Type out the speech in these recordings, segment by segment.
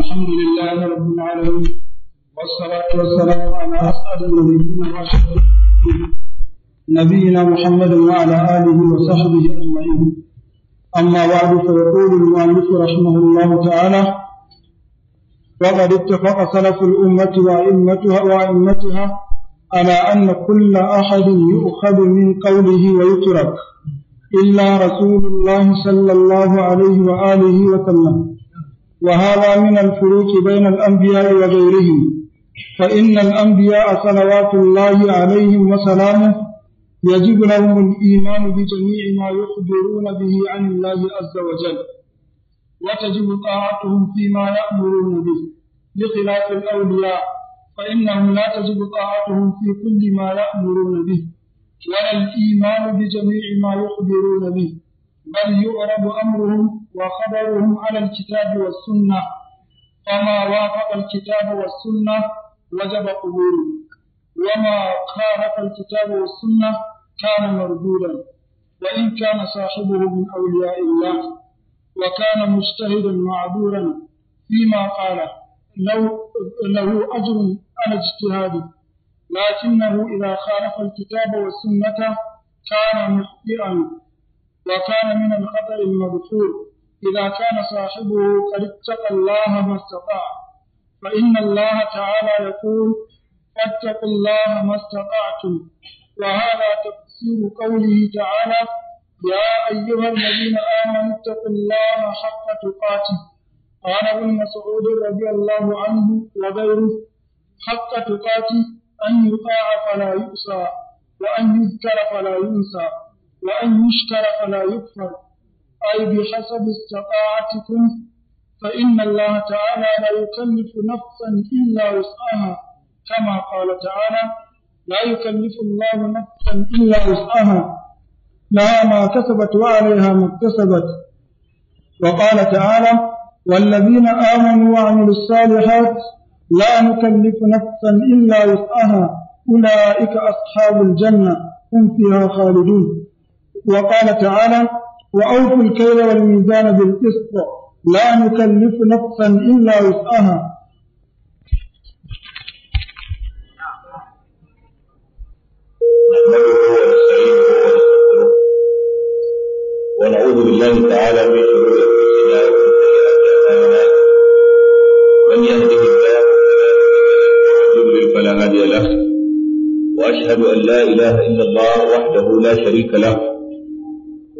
الحمد لله رب العالمين والصلاة والسلام على أسعد النبيين وأشرف نبينا محمد وعلى آله وصحبه أجمعين أما بعد فيقول المؤلف رحمه الله تعالى وقد اتفق سلف الأمة وأئمتها وأئمتها على أن كل أحد يؤخذ من قوله ويترك إلا رسول الله صلى الله عليه وآله وسلم وهذا من الفروق بين الأنبياء وغيرهم فإن الأنبياء صلوات الله عليهم وسلامه يجب لهم الإيمان بجميع ما يخبرون به عن الله عز وجل وتجب طاعتهم فيما يأمرون به بخلاف الأولياء فإنهم لا تجب طاعتهم في كل ما يأمرون به ولا الإيمان بجميع ما يخبرون به بل يعرب أمرهم وخبرهم على الكتاب والسنة فما وافق الكتاب والسنة وجب قبوله وما خالف الكتاب والسنة كان مردودا وإن كان صاحبه من أولياء الله وكان مجتهدا معذورا فيما قاله لو له أجر على اجتهاده لكنه إذا خالف الكتاب والسنة كان مخطئا وكان من الخطأ المذكور إذا كان صاحبه قد اتقى الله ما استطاع فإن الله تعالى يقول فاتقوا الله ما استطعتم وهذا تفسير قوله تعالى يا أيها الذين آمنوا اتقوا الله حق تقاته قال ابن مسعود رضي الله عنه وغيره حق تقاته أن يطاع فلا يؤسى وأن يذكر فلا ينسى وأن يشكر فلا يكفر أي بحسب استطاعتكم فإن الله تعالى لا يكلف نفسا إلا وسعها كما قال تعالى لا يكلف الله نفسا إلا وسعها لها ما كسبت وعليها ما اكتسبت وقال تعالى والذين آمنوا وعملوا الصالحات لا نكلف نفسا إلا وسعها أولئك أصحاب الجنة هم فيها خالدون وقال تعالى وأوفوا الكيل والميزان بالقسط لا نكلف نفسا إلا وسعها ونعوذ بالله تعالى من شرور انفسنا ومن سيئات اعمالنا من يهده الله فلا مضل فلا هادي له واشهد ان لا اله الا الله وحده لا شريك له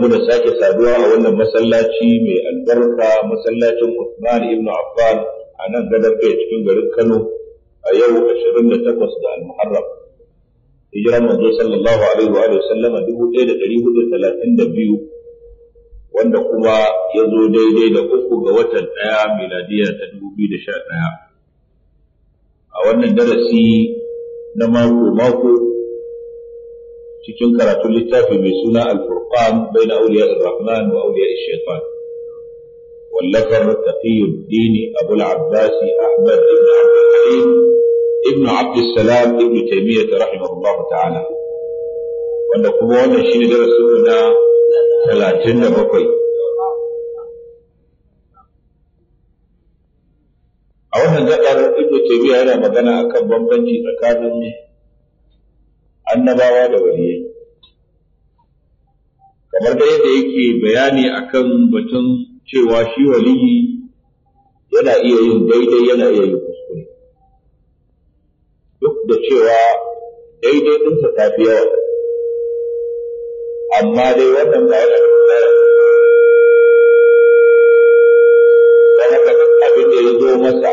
mu da sake saduwa a wannan masallaci mai albarka masallacin Usman ibn Affan a nan gadar kai cikin garin Kano a yau 28 ga Al-Muharram hijira manzo sallallahu alaihi wa alihi sallam 1432 wanda kuma ya zo daidai da uku ga watan ɗaya miladiya ta 2011 a wannan darasi na mako mako cikin karatun littafi mai suna al-furqan baina awliya ar-rahman wa awliya ash-shaytan wallafar taqiyuddin abu al-abbas ahmad ibn abd al-halim ibn abd salam ibn taymiyyah rahimahullah ta'ala wanda kuma wannan shine darasin na 37 a wannan gabar ibn taymiya yana magana akan bambanci tsakanin annabawa da waliyai kamar da yadda yake bayani akan batun cewa shi waliyi yana iya yin daidai yana iya yin kuskure duk da cewa daidai ɗinsa ta fi yawa amma dai wannan ba yana da tsara don haka abin da ya zo masa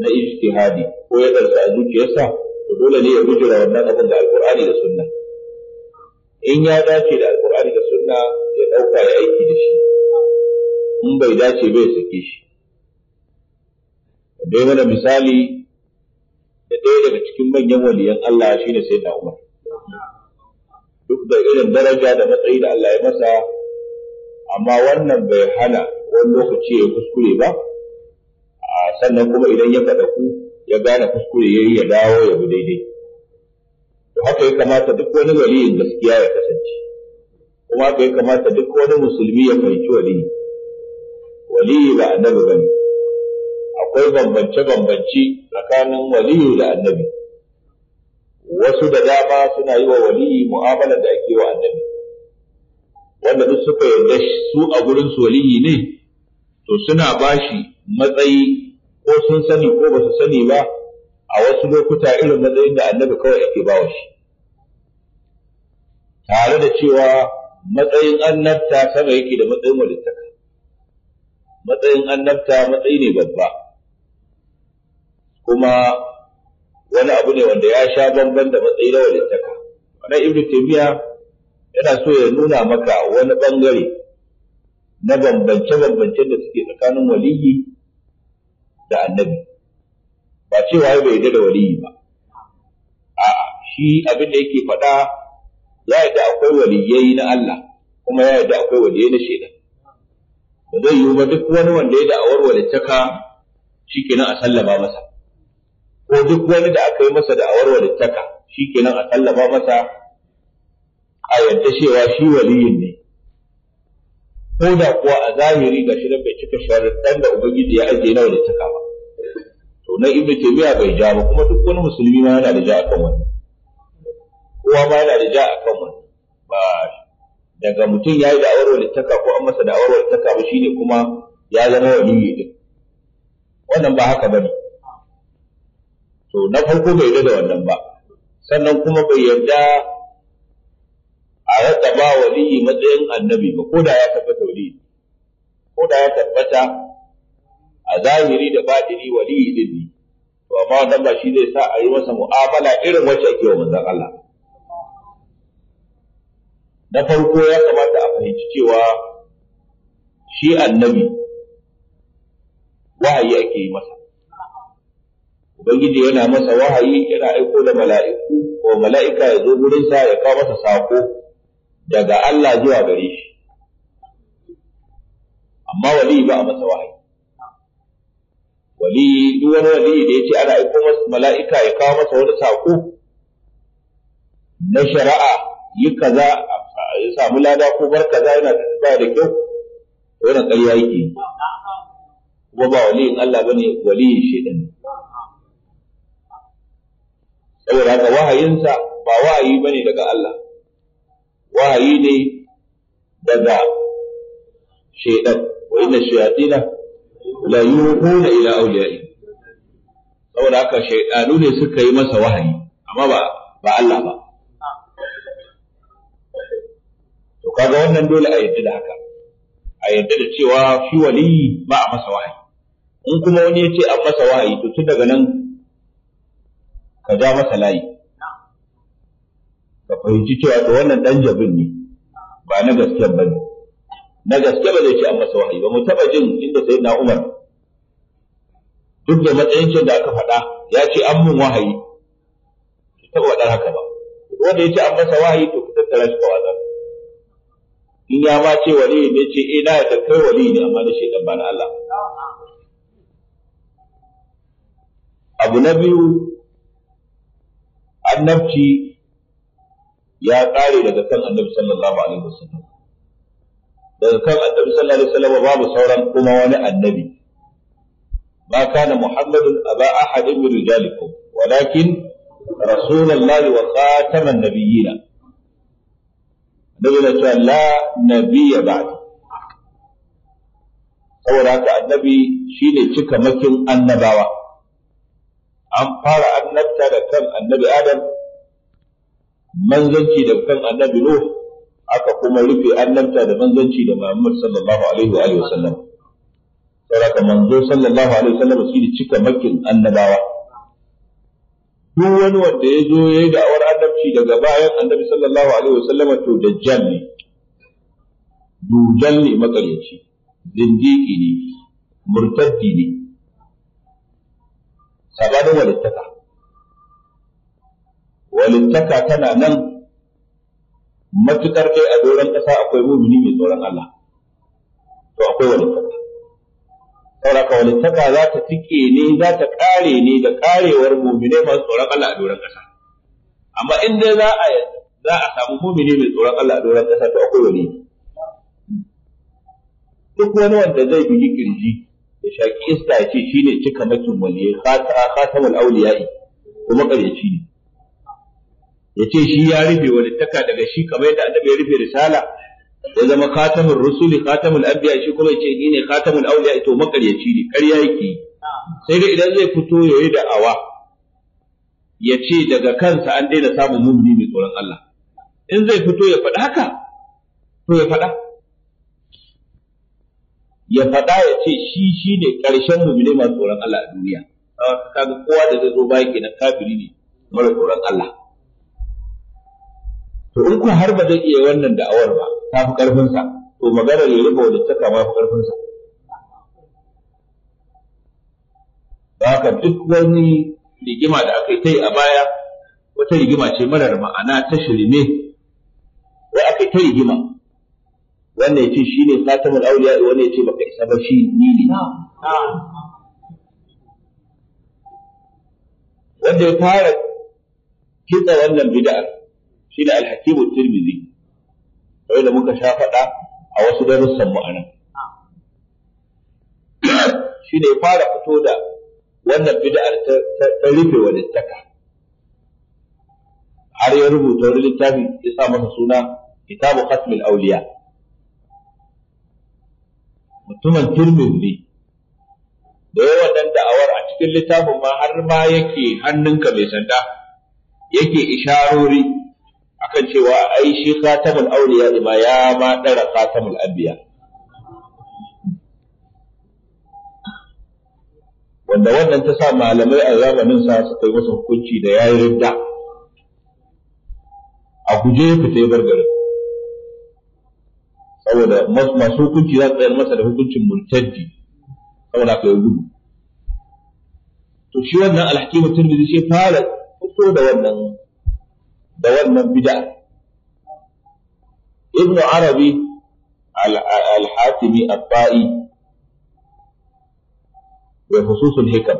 na ijtihadi ko ya ɗarsa a zuciyarsa to dole ne ya bujura wannan abin da alkurani da sunna in ya dace da alkur'ani da sunna ya dauka ya aiki da shi in bai dace bai sake shi dai mana misali da ɗaya daga cikin manyan waliyan Allah shine sayyidina Umar duk da irin daraja da matsayi da Allah ya masa amma wannan bai hana wani lokaci ya kuskure ba sannan kuma idan ya faɗa ku ya gane kuskure ya yi ya dawo ya bi daidai to haka ya kamata duk wani waliyin gaskiya ya kasance kuma haka ya kamata duk wani musulmi ya fahimci waliyi waliyi ba annabi bane akwai bambance-bambance tsakanin waliyi da annabi wasu da dama suna yi wa waliyi mu'amala da ake wa annabi wanda duk suka yarda su a gurin su waliyi ne to suna bashi matsayi ko sun sani ko ba su sani ba a wasu lokuta irin matsayin da annabi kawai ake bawa shi tare da cewa matsayin annabta sama yake da matsayin walittaka matsayin annabta matsayi ne babba kuma wani abu ne wanda ya sha bamban da matsayi na walittaka wannan ibnu taymiya yana so ya nuna maka wani bangare na bambance-bambancen da suke tsakanin waliyi da annabi ba cewa ya bai da waliyi ba a shi abin da yake faɗa ya yadda akwai waliyai na Allah kuma ya yadda akwai waliyai na shaida. ba zai yi ba duk wani wanda ya da'awar walittaka nan a sallama masa ko duk wani da aka yi masa da'awar walittaka nan a sallama masa a yadda cewa shi waliyin ne ko da kuwa a zahiri ga shi bai cika sharuɗan da ubangiji ya ajiye na walittaka ba to na ibnu taymiya bai ja ba kuma duk wani musulmi ma yana da ja akan wannan kowa ma yana da ja akan wannan ba daga mutum yayi da wani taka ko an masa da wani taka ba shine kuma ya zama wani ne din wannan ba haka bane to na farko bai yarda da wannan ba sannan kuma bai yarda a raka ba waliyi matsayin annabi ba ko da ya tabbata waliyi ko da ya tabbata a zahiri da batini waliyi din to amma wannan shi zai sa a yi masa mu'amala irin wacce ake wa manzon Allah na farko ya kamata a fahimci cewa shi annabi wahayi ake yi masa ubangiji yana masa wahayi yana aiko da mala'iku ko mala'ika ya zo gurinsa ya kawo masa sako daga Allah zuwa gare shi amma wali ba a masa wahayi wali duk wani wali da ya ce ana aiko masa mala'ika ya kawo masa wani sako na shari'a yi kaza ya samu lada ko bar kaza yana da tafiya da kyau wannan ƙarya yake kuma ba in Allah bane waliyin shaitan saboda haka wahayinsa ba wahayi bane daga Allah wahayi ne daga shaidan wa inna shayatina la yuhuna ila awliyai saboda haka shaydanu ne suka yi masa wahayi amma ba ba Allah ba to kaga wannan dole a yadda da haka a yadda da cewa shi wali ba a masa wahayi in kuma wani ya ce an masa wahayi to tun daga nan ka ja masa layi ka fahimci cewa to wannan dan jabin ne ba na gaske ba ne na gaske ba zai ce an masa wahayi ba mu taba jin inda sai na Umar duk da matsayin da aka faɗa ya ce an mun wahayi ki taɓa waɗar haka ba wanda ya ce an masa wahayi to ki tattara shi ka in ya ma ce wali ne ce eh na da kai wali ne amma na shaidan ba na Allah abu na biyu annabci ya ƙare daga kan annabi sallallahu alaihi wasallam daga kan annabi sallallahu alaihi wasallam babu sauran kuma wani annabi ما كان محمد أبا أحد من رجالكم ولكن رسول الله وخاتم النبيين نبي لا نبي بعد saboda haka annabi ne cika makin annabawa an fara annabta da kan annabi adam manzanci da kan annabi nuh aka kuma rufe annabta da manzanci da muhammad sallallahu alaihi wa sallam saboda manzo sallallahu alaihi wasallam shi ne cika makin annabawa duk wani wanda ya zo ya yi da'awar annabci daga bayan annabi sallallahu alaihi wasallam to dajjal ne dujal ne makaryaci zindiki ne murtaddi ne sabanin walittaka walittaka tana nan matukar dai a doron kasa akwai mumini mai tsoron Allah to akwai walittaka sauraka taka za ta tike ne za ta kare ne da karewar mumine masu tsoron Allah a doron ƙasa amma in za a za a samu mumine mai tsoron Allah a doron ƙasa to akwai wani duk wani wanda zai bugi kirji ya shaki iska ya ce shine cika makin waliye khatamul awliya'i kuma ƙaryaci ne ya ce shi ya rufe wani taka, daga shi kamar yadda annabi ya rufe risala ya zama khatamul rusuli khatamul anbiya shi kuma ce ni ne khatamul auliya to makaryaci ne ƙarya yake sai dai idan zai fito yayi da awa ya ce daga kansa an daina samun mumini mai tsoron Allah in zai fito ya faɗa haka to ya faɗa ya faɗa ya ce shi shi ne ƙarshen mumini masu tsoron Allah a duniya kaga kowa da zai zo bayan kenan kafiri ne mara tsoron Allah to in ku har ba zai iya wannan da'awar ba ta fi ƙarfinsa to ne ya da walittaka ma fi ƙarfinsa ba ka duk wani rigima da aka yi ta yi a baya wata rigima ce marar ma'ana ta shirme wai aka yi ta rigima wannan ya ce shi ne khatamul auliya wani ce baka isa ba shi ni ne wanda ya fara kitsa wannan bid'a shi ne alhakimu tirmidhi kamar da muka sha faɗa a wasu darussan mu anan shi ne fara fito da wannan bid'ar ta rufe walittaka har ya rubuta wani littafi ya sa masa suna kitabu khatmil auliya mutumin turmin da yawan nan da'awar a cikin littafin ma har ma yake hannunka mai sanda yake isharori akan cewa ai shi khatamul auliya ma ya ma dara khatamul anbiya wanda wannan ta sa malamai a zamanin sa suka yi masa hukunci da yayi ridda a guje fita ya bar garin saboda masu hukunci za su tsayar masa da hukuncin murtaddi saboda ka yi gudu to shi wannan alhakimu turmizi shi fara fito da wannan da wannan bid'a ibn arabi al-hatimi al-ba'i wa hususul hikam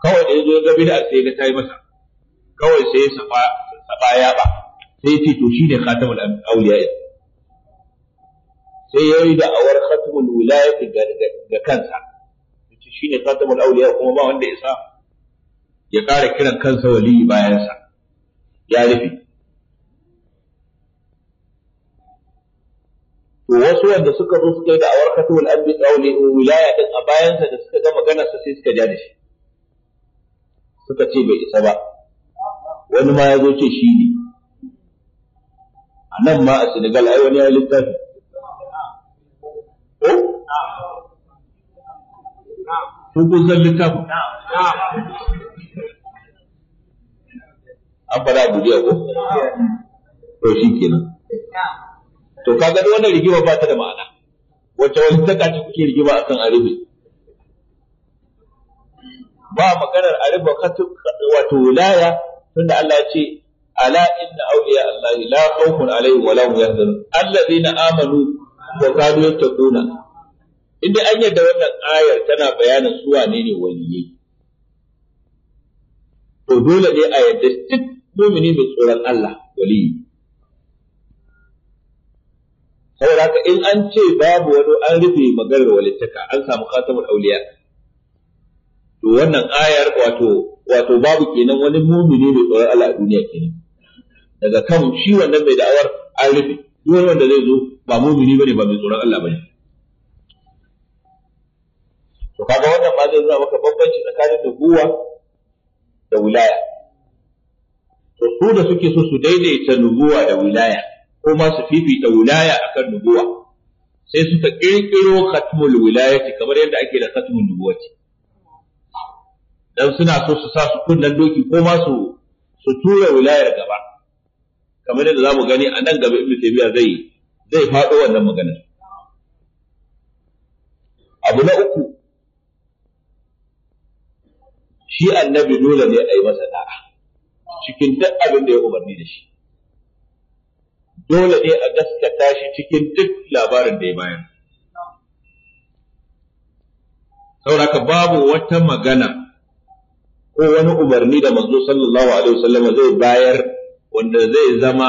kawai da yazo ga bid'a sai ga tayi masa kawai sai saba saba yaba sai ce to shine khatamul awliya sai yayi da awar khatamul wilaya ga kansa shine khatamul awliya kuma ba wanda isa ya kara kiran kansa wali bayansa ya rufe to wasu wanda suka zo suka yi da awar katul abdi qawli wilaya ɗin a bayansa da suka ga maganar sa sai suka ja da shi suka ce bai isa ba wani ma ya zo ce shi ne a nan ma a Senegal ai wani ya yi littafi ko kun littafi. littafin an fara a duniya ko to shi kenan to kaga da wannan rigima ba ta da ma'ana wacce wani ta kaci kuke rigima akan arabi ba maganar arabi wato wilaya tunda Allah ya ce ala inna awliya Allah la khawfun alaihi wa la hum yahzanun alladhina amanu wa kanu yattaquna inda an yadda wannan ayar tana bayanin su wane ne waliyyi to dole ne a yadda duk mumini mai tsoron Allah wali. saboda haka in an ce babu wani an rufe maganar walittaka an samu khatamul auliya to wannan ayar wato wato babu kenan wani mumini mai tsoron Allah a duniya kenan daga kan shi wannan mai da'awar an rufe duk wani wanda zai zo ba mumini bane ba mai tsoron Allah bane to kaga wannan ma zai zama maka bambanci tsakanin nubuwa da wilaya to su da suke so su daidaita nubuwa da wilaya ko ma su fifita wilaya akan nubuwa sai suka kirkiro khatmul wilayati kamar yadda ake da khatmul nubuwati dan suna so su sa su kunnan doki ko ma su su tura wilayar gaba kamar yadda zamu gani a nan gaba ibnu taymiya zai zai faɗo wannan magana abu na uku shi annabi dole ne a yi masa da'a cikin duk abin da ya umarni da shi dole ne a gaskata shi cikin duk labarin da ya bayar sauraka babu wata magana ko wani umarni da manzo sallallahu alaihi wasallam zai bayar wanda zai zama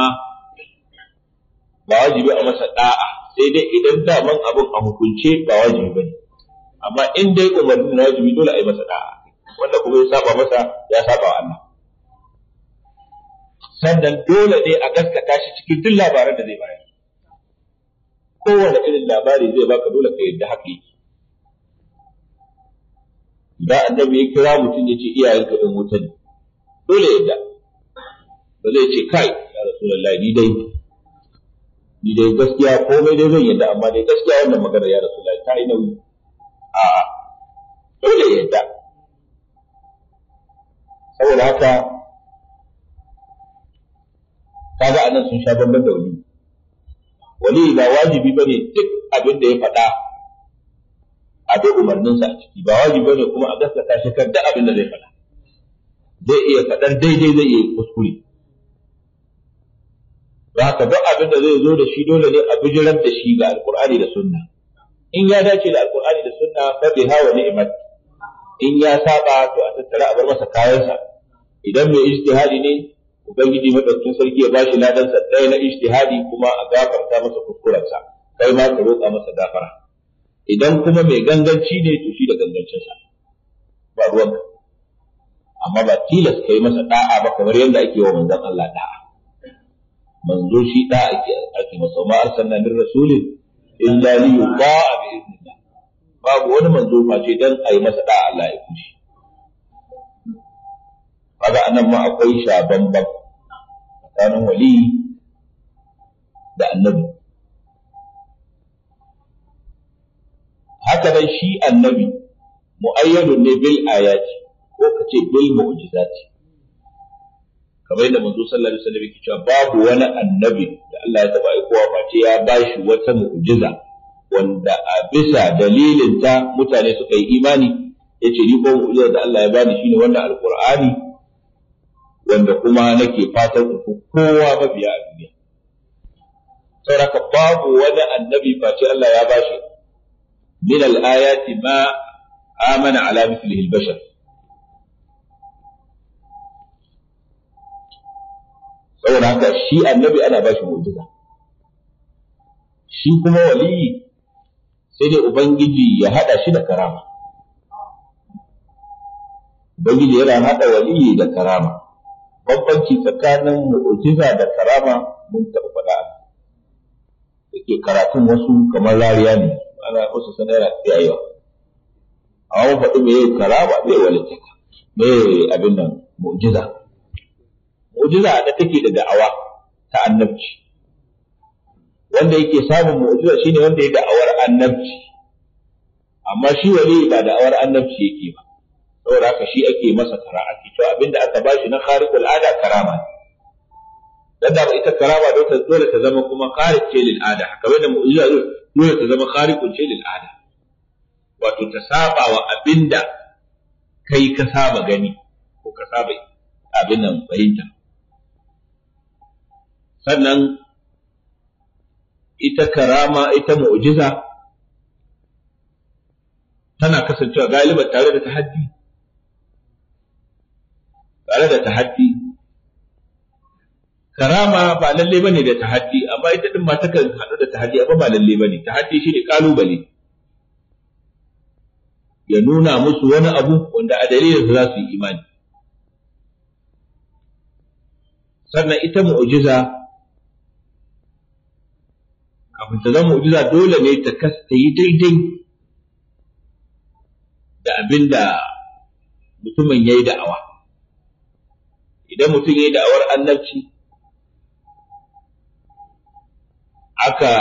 ba wajibi a masa da'a sai dai idan daman abin a hukunce ba wajibi bane amma in dai umarni na wajibi dole a yi masa da'a wanda kuma ya saba masa ya saba Allah sannan dole ne a gaskata shi cikin duk labaran da zai bayar kowane irin labari zai baka dole ka yadda haka yake Da annabi ya kira mutum ya ce iyayenka ɗan wuta ne dole yadda ba zai ce kai ya rasulullahi ni dai ni dai gaskiya komai dai zan yadda amma dai gaskiya wannan magana ya rasulullahi ta yi nauyi a'a dole yadda saboda haka kaga anan sun sha bambam da wali wali ba wajibi bane duk abin da ya faɗa a duk umarninsa a ciki ba wajibi bane kuma a gaskata shi kan duk abin da zai faɗa zai iya faɗar daidai zai iya kuskure ba ka duk abin da zai zo da shi dole ne a bijiran da shi ga alkur'ani da sunna in ya dace da alkur'ani da sunna fa bi hawa ni'mat in ya saba to a tattara a bar masa kayansa idan mai ijtihadi ne ubangiji madaukakin sarki ya bashi ladan sa ɗaya na ijtihadi kuma a gafarta masa kuskurensa kai ma ka roƙa masa gafara idan kuma mai ganganci ne to shi da gangancinsa ba ruwan amma ba tilas kai masa da'a ba kamar yadda ake wa manzon Allah da'a manzo shi da'a ake ake masa ma arsalna min rasulin illa li yuqa bi idnillah babu wani manzo face dan ayi masa da'a Allah ya kushi kaga anan ma akwai shaban bab tsakanin wali da annabi haka dai shi annabi mu'ayyadun ne bil ayati ko kace bil mu'jizati kamar yadda manzo sallallahu alaihi wasallam yake cewa babu wani annabi da Allah ya taba aikowa ce ya bashi wata mu'jiza wanda a bisa dalilin ta mutane suka yi imani yace ni ko mu'jiza da Allah ya bani shine wannan alqur'ani wanda kuma nake fatan ku kowa mabiya a duniya saboda babu wani annabi face Allah ya bashi min al-ayati ma amana ala mithlihi al-bashar saboda haka shi annabi ana bashi mu'jiza shi kuma waliyi sai dai ubangiji ya haɗa shi da karama ubangiji yana haɗa waliyi da karama bambanci tsakanin mu'jiza da karama mun taɓa faɗa da ke karatun wasu kamar rariya ne ana wasu sanara ta yawa a wani faɗi mai karama mai walitaka mai abin nan mu'jiza mu'jiza da take da da'awa ta annabci wanda yake samun mu'jiza shine wanda ya da'awar annabci amma shi wani ba da'awar annabci yake ba saboda haka shi ake masa kara'a ke cewa abinda aka bashi na khariqul ada karama ne dan da ita karama dole ta zama kuma khariq ce lil ada kamar da mu'jiza dole ta zama khariqul ce lil ada wato ta saba wa abinda kai ka saba gani ko ka saba abin nan fahimta sannan ita karama ita mu'jiza tana kasancewa galiban tare da tahaddi tare da tahaddi karama ba lalle bane da tahaddi amma ita din ma takan haɗu da tahaddi amma ba lalle bane tahaddi shine kalubale ya nuna musu wani abu wanda a dalilin za su yi imani sannan ita mu'jiza kafin ta zama mu'jiza dole ne ta kasta yi daidai da abin da mutumin ya yi da'awa idan mutum ya yi da'awar annabci aka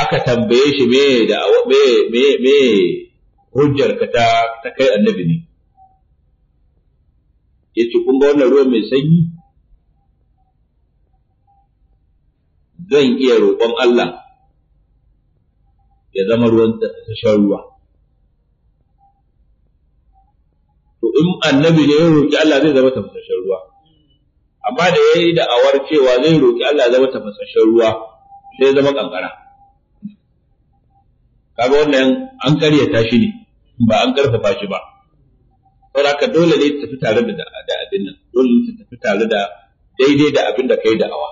aka tambaye shi me da me me me hujjar ka ta ta kai annabi ne yace kun ga wannan ruwan mai sanyi zan iya roƙon Allah ya zama ruwan tashar ruwa to in annabi ne ya roƙi Allah zai zama tafasashen ruwa amma da yayi da awar cewa zai roƙi Allah zai zama tafasashen ruwa sai zama kankara kaga wannan an karyata shi ne ba an karfafa shi ba saboda haka dole ne ta tafi tare da abin nan dole ne ta tafi tare da daidai da abin da kai da'awa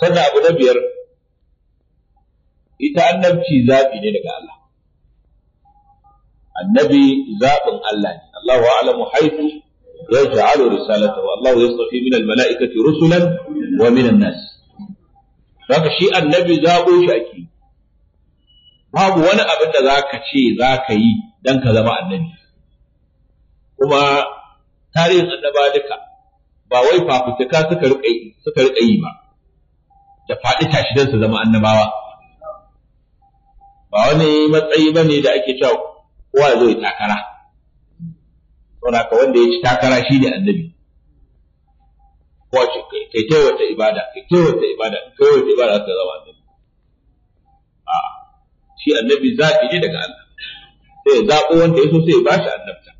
sannan abu na biyar ita annabci zaɓi ne daga Allah annabi zaɓin Allah ne Allahu a'lamu haythu yaj'alu risalatahu Allah yastafi min al-mala'ikati rusulan wa min an-nas haka shi annabi zaɓo shi ake babu wani abin da zaka ce zaka yi dan ka zama annabi kuma tarihin annaba duka ba wai fafutuka suka rika suka rika yi ba da faɗi tashi dan su zama annabawa ba wani matsayi bane da ake cewa kowa ya zo ya takara saboda ka wanda ya ci takara shi ne annabi kowa ce kai kai wata ibada kai kai wata ibada kai wata ibada ka zama annabi a shi annabi zaɓi ne daga Allah sai ya zaɓo wanda ya so sai ya ba shi annabta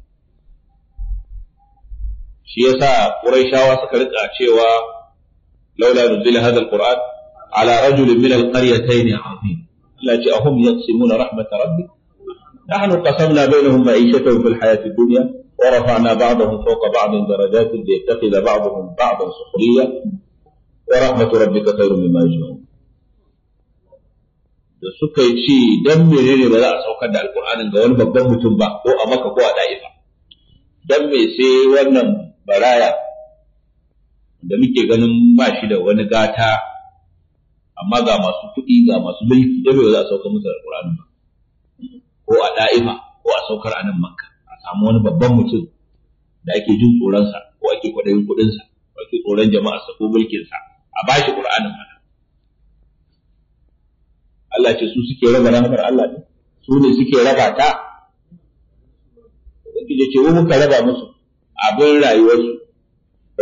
shi yasa Qurayshawa suka rika cewa laula nuzul hadha alquran ala rajulin min alqaryatayn azim Allah ya ce ahum yaqsimuna rahmat rabbik نحن قسمنا بينهم معيشتهم في الحياة الدنيا ورفعنا بعضهم فوق بعض درجات ليتخذ بعضهم بعضا سخرية ورحمة ربك خير مما يجمعون da suka yi ce dan menene ba za a saukar da alkur'anin ga wani babban mutum ba ko a maka ko a da'ifa dan me sai wannan baraya da muke ganin ba shi da wani gata amma ga masu kuɗi ga masu mulki da bai za a saukar musu alkur'anin ba ko a da'ima ko a saukar a nan makka a samu wani babban mutum da ake jin tsoronsa ko ake kwaɗayin kuɗinsa ko ake tsoron jama'arsa ko mulkinsa a bashi ƙur'anin mana Allah ce su suke raba rahamar Allah ne su ne suke raba ta ke ce mu muka raba musu abin rayuwarsu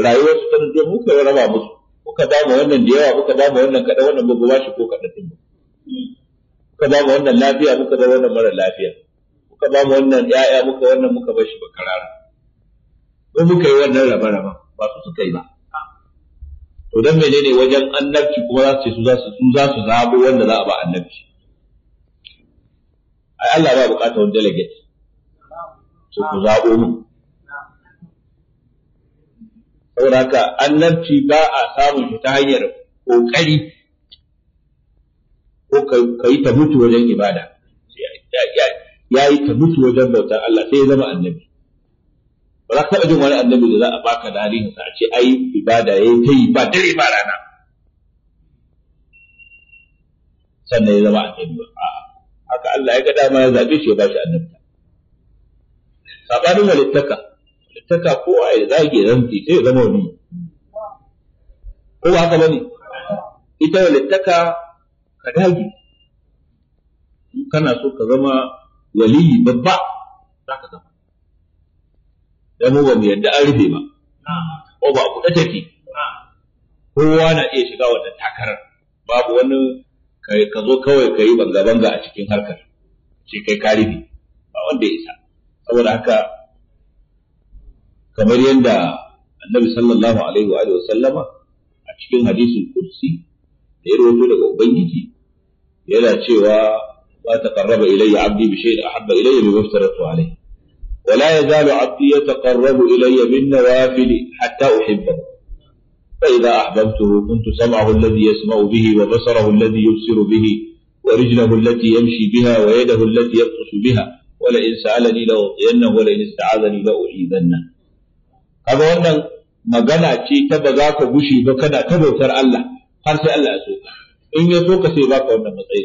rayuwarsu ta muka raba musu muka dama wannan da yawa muka dama wannan kaɗan wannan ba ba shi ko kaɗa tun ba muka ba mu wannan lafiya muka ba wannan mara lafiya muka ba mu wannan ya'ya muka wannan muka bar shi ba karara ko muka yi wannan raba raba ba su suka yi ba to dan menene wajen annabci kuma za su ce su za su za su zabo wanda za a ba annabci ai Allah ba bukatar wani delegate su ku zabo mu saboda haka annabci ba a samun shi ta hanyar kokari ko ka yi ta mutu wajen ibada ya yi ta mutu wajen bautar Allah sai ya zama annabi ba za ka taɓa jin wani annabi da za a baka sa a ce ai ibada ya yi ta yi ba dare ba rana sannan ya zama annabi ba a'a haka Allah ya ga dama ya zaɓe shi ya bashi annabta sabanin walittaka walittaka kowa ya zage zanti sai ya zama wani ko ba haka bane ita walittaka ka dage in kana so ka zama waliyi babba za ka zama dan mu ba mu yadda an rufe ba ko ba ku da tafi kowa na iya shiga wannan takarar babu wani ka zo kawai ka yi banga-banga a cikin harkar ce kai ka rufe ba wanda ya isa saboda haka kamar yadda annabi sallallahu alaihi wa sallama a cikin hadisin kursi da ya rawaito daga ubangiji yana cewa ma taqarraba ilayya abdi bi shay'in ahabba ilayya mimma aftaratu alayhi wa la yazalu abdi yataqarrabu ilayya bin nawafil hatta uhibbahu fa idha ahbabtuhu kuntu sam'ahu alladhi yasma'u bihi wa basarahu alladhi yubsiru bihi wa rijlahu allati yamshi biha wa yadahu allati yabtashu biha wa la in sa'alani la utiyannahu wa la in ista'azani la u'idanna kaga wannan magana ce ta ba za ka gushi ba kana ta bautar Allah har sai Allah ya so ka. in ya so ka, sai baka wannan matsayi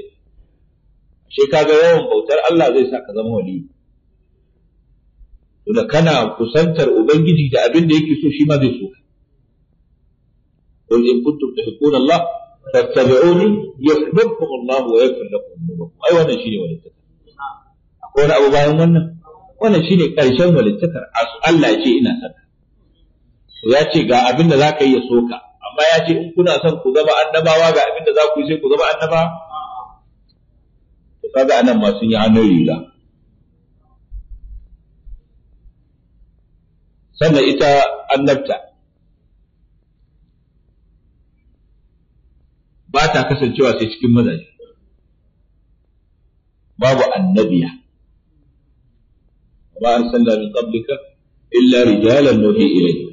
shi ga yawan bautar Allah zai sa ka zama wali tunda kana kusantar ubangiji da abin da yake so shi ma zai so ka. soka قل إن كنتم تحبون الله فاتبعوني يحببكم الله ويغفر لكم ذنوبكم ai wannan shine walittaka akwai wani abu bayan wannan wannan shine karshen walittakar Allah ya ce ina saka ya ce ga abin da zaka yi ya ka. amma ya ce in kuna son ku zama annabawa ga abin da za ku yi sai ku zama annaba. to kaga anan ma sun yi hannun riga sannan ita annabta ba ta kasancewa sai cikin mazaje babu annabiya ba arsalna min qablika illa rijalan nuhi ilayhi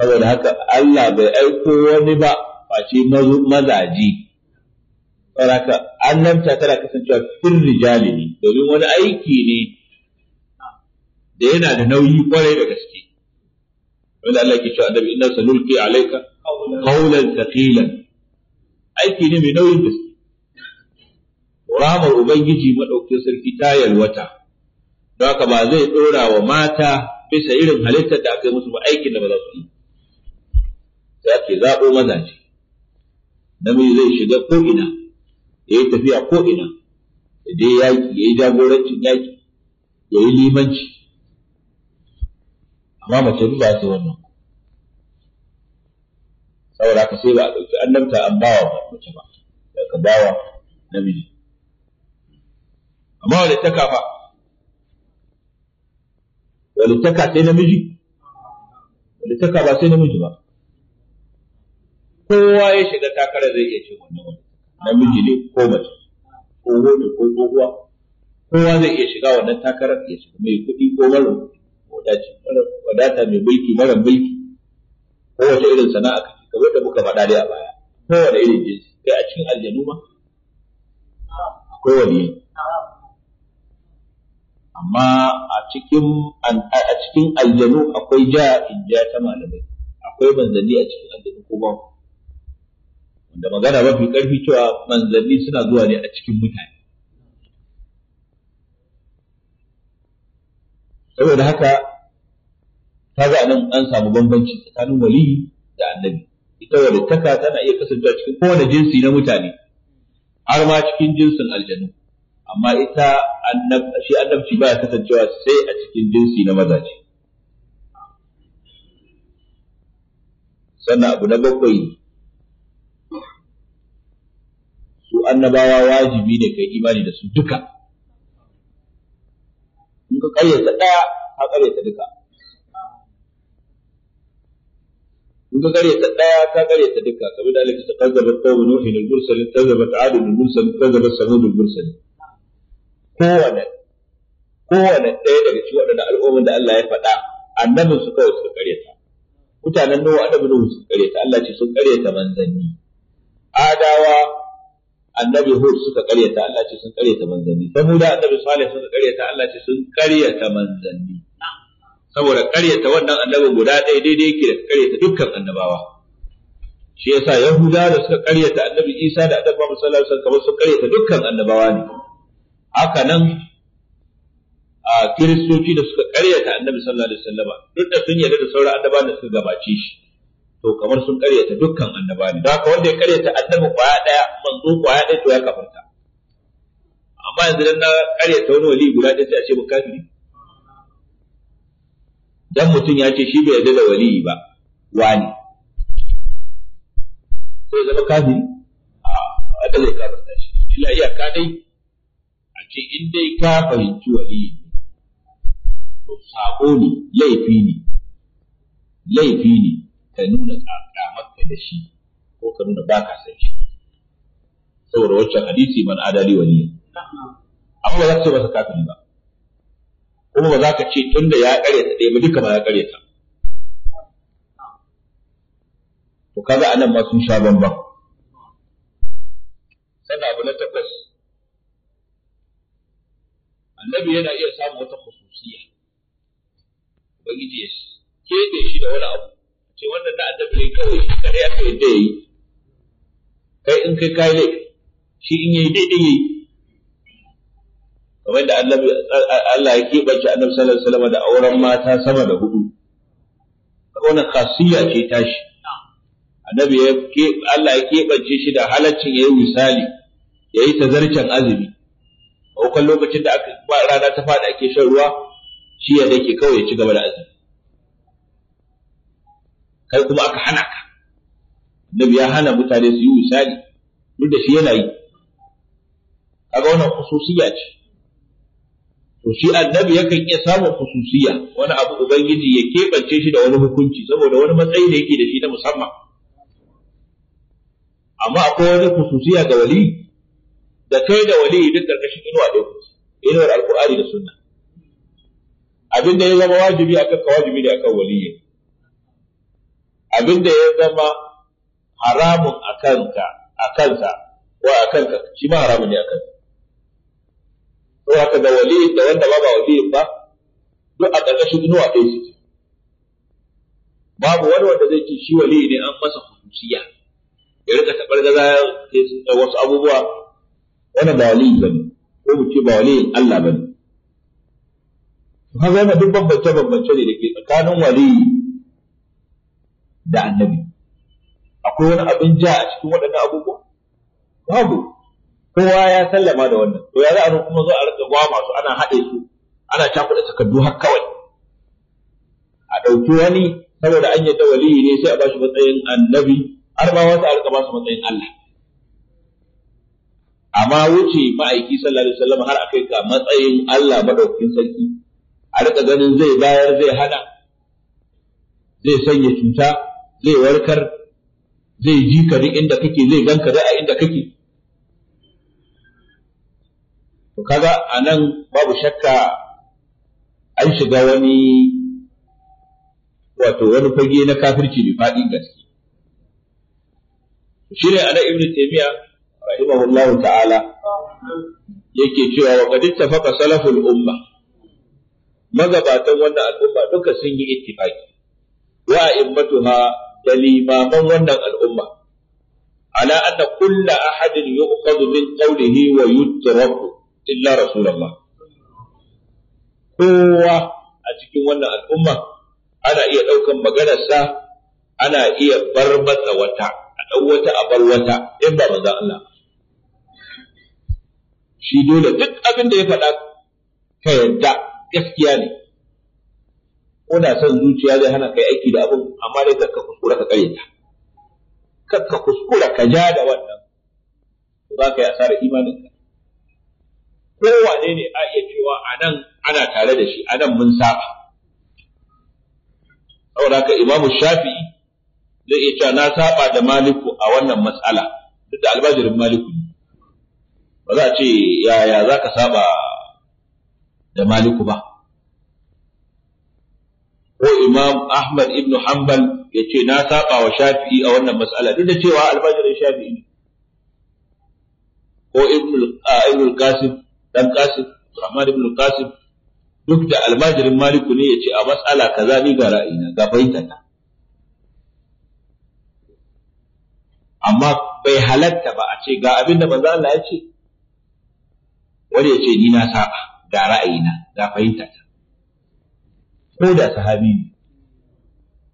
saboda haka Allah bai aiko wani ba face mazaji saboda annabta tana kasancewa fil rijali ne domin wani aiki ne da yana da nauyi kwarai da gaske wanda Allah ke cewa annabi inna sanulqi alayka qawlan thaqilan aiki ne mai nauyin gaske ramar ubangiji madaukakin sarki ta yalwata don haka ba zai dora wa mata bisa irin halittar da aka yi musu ba aikin da ba za su yi sai ake zaɓo mazaje namiji zai shiga ko ina ya yi tafiya ko ina ya dai yaƙi ya yi jagorancin yaƙi ya yi limanci amma mace ba su wannan saboda haka sai ba a ɗauki annabta an bawa mace ba da ka bawa namiji amma wani taka ba? wani taka sai namiji wani taka ba sai namiji ba kowa ya shiga takara zai iya cin wannan wani namiji ne ko mace ko wani ko tsohuwa kowa zai iya shiga wannan takara ya shiga mai kuɗi ko mara wadata mai mulki mara mulki ko wace irin sana'a kake kamar da muka faɗa dai a baya wani irin jinsi kai a cikin aljanu ma akwai wani amma a cikin a cikin aljanu akwai ja in ja ta malamai akwai manzanni a cikin aljanu ko ku. wanda magana mafi ƙarfi cewa manzanni suna zuwa ne a cikin mutane saboda haka ga nan an samu bambanci tsakanin Wali da annabi ita taka tana iya kasancewa cikin kowane jinsi na mutane har ma cikin jinsin aljanu amma ita shi annabci ba ya kasancewa sai a cikin jinsi na mazaje sannan abu na bakwai annabawa wajibi ne kai imani da su duka in ka karyata ɗaya ka karyata duka in ka karyata ɗaya ka karyata duka kamar da ta kazzaba qawmu nuhin al-mursalin kazzaba ta'ad al-mursalin kazzaba samud al-mursalin kowane kowane ɗaya daga cikin waɗanda al'ummin da Allah ya faɗa annabin su kawai suka karyata mutanen nawa annabin su suka karyata Allah ce sun karyata manzanni adawa annabi Hud suka karyata Allah ce sun karyata manzanni saboda annabi Salih suka karyata Allah ce sun karyata manzanni saboda karyata wannan annabi guda ɗaya daidai yake da karyata dukkan annabawa shi yasa Yahuda da suka karyata annabi Isa da annabi Muhammad sallallahu alaihi wasallam sun karyata dukkan annabawa ne haka nan a kiristoci da suka karyata annabi sallallahu alaihi wasallam duk da sun yarda da sauran annabawan da suka gabace shi to kamar sun karyata dukkan annaba ne da wanda ya karyata annabi kwaya daya manzo kwaya daya to ya kafarta amma yanzu dan na karyata wani wali guda ɗaya ce a ce mun kafiri dan mutum ya ce shi bai yarda da wali ba wani sai zama kafiri a da zai kafarta shi illa ka dai a ce in dai ka fahimci wali to sako ne laifi ne laifi ne ka nuna kamarka da shi ko ka nuna ba ka san shi saboda waccan hadisi man adali wani, amma ba za ka ce masa kafin ba kuma ba za ka ce tun da ya kare ta ɗaya ba duka ma ya kare ta to kaga nan ma sun sha bamban sannan abu na takwas annabi yana iya samun wata khususiya ubangiji ya keɓe shi da wani abu ce wannan na adabi ne kawai shi kare aka yadda ya yi kai in kai kai ne shi in yayi daidai yayi kamar da Allah ya keɓance annabi sallallahu alaihi wasallam da auren mata sama da hudu wannan kasiya ce tashi annabi ya ke Allah ya keɓance shi da halaccin yi misali ta tazarcen azumi a lokacin da aka ba rana ta fada ake shan ruwa shi ya dake kawai ya ci gaba da azumi kai kuma aka hana ka annabi ya hana mutane su yi misali duk da shi yana yi kaga wannan khususiyya ce to shi annabi yakan iya samun khususiyya wani abu ubangiji ya keɓance shi da wani hukunci saboda wani matsayi da yake da shi na musamman amma akwai wani khususiyya ga wali da kai da wali duk karkashin inuwa ku inuwar alkur'ani da sunna abin da ya zama wajibi akan kawajibi wajibi akan waliyyi abin da ya zama haramun a kanka a kansa ko a kanka shi ma haramun ne a kanka ko haka da wali da wanda ba ba wali ba duk a ƙarƙashin inuwa ɗaya su babu wani wanda zai ce shi wali ne an masa hudusiya ya rika da gaza ya wasu abubuwa wani ba wali ne ko mu ce ba wali Allah ne. kaga yana duk bambance bambance ne da ke tsakanin waliyi da annabi akwai wani abin ja a cikin waɗannan abubuwa babu kowa ya sallama da wannan to ya za a kuma zo a rika gwa masu ana haɗe su ana cakuɗa takardu har kawai a ɗauki wani saboda an yadda waliyi ne sai a bashi matsayin annabi har ma wata a rika basu matsayin Allah amma wuce ma'aiki sallallahu alaihi wasallam har akai ga matsayin Allah madaukakin sarki a rika ganin zai bayar zai hana zai sanya cuta zai warkar zai ji ka duk inda kake zai gan ka a inda kake to kaga anan babu shakka an shiga wani wato wani fage na kafirci mai faɗin gaske shi ne ana ibnu taymiya rahimahullahu ta'ala yake cewa wa qad tafaka salaful umma magabatan wannan al'umma duka sun yi ittifaqi wa immatuha da limaman wannan al'umma ala anna kulla ahadin yu'khadhu min qawlihi wa yutraku illa rasulullah kowa a cikin wannan al'umma ana iya ɗaukan maganarsa ana iya bar masa wata a ɗau wata a bar wata in ba maza Allah shi dole duk abin da ya faɗa ka yadda gaskiya ne kuna son zuciya zai hana kai aiki da abin amma dai kakka kuskura ka kare ta kakka kuskura ka ja da wannan to za ka yi asarar imaninka kowane ne a iya cewa a nan ana tare da shi a nan mun saba saboda haka imamu Shafi zai iya cewa na saba da maliku a wannan matsala duk da albajirin maliku ne ba za a ce yaya za ka saba da maliku ba ko Imam Ahmad ibn Hanbal ya ce na saba wa Shafi'i a wannan mas'ala duk da cewa almajirin Shafi'i ne ko Ibn al-Qasim dan Qasim Rahman ibn al-Qasim duk da almajirin Maliku ne ya ce a mas'ala kaza ni ga ra'ayina ga fahimta ta amma bai halatta ba a ce ga abin da manzo Allah ya ce wani ya ce ni na saba ga ra'ayina ga fahimta ta ko da sahabi ne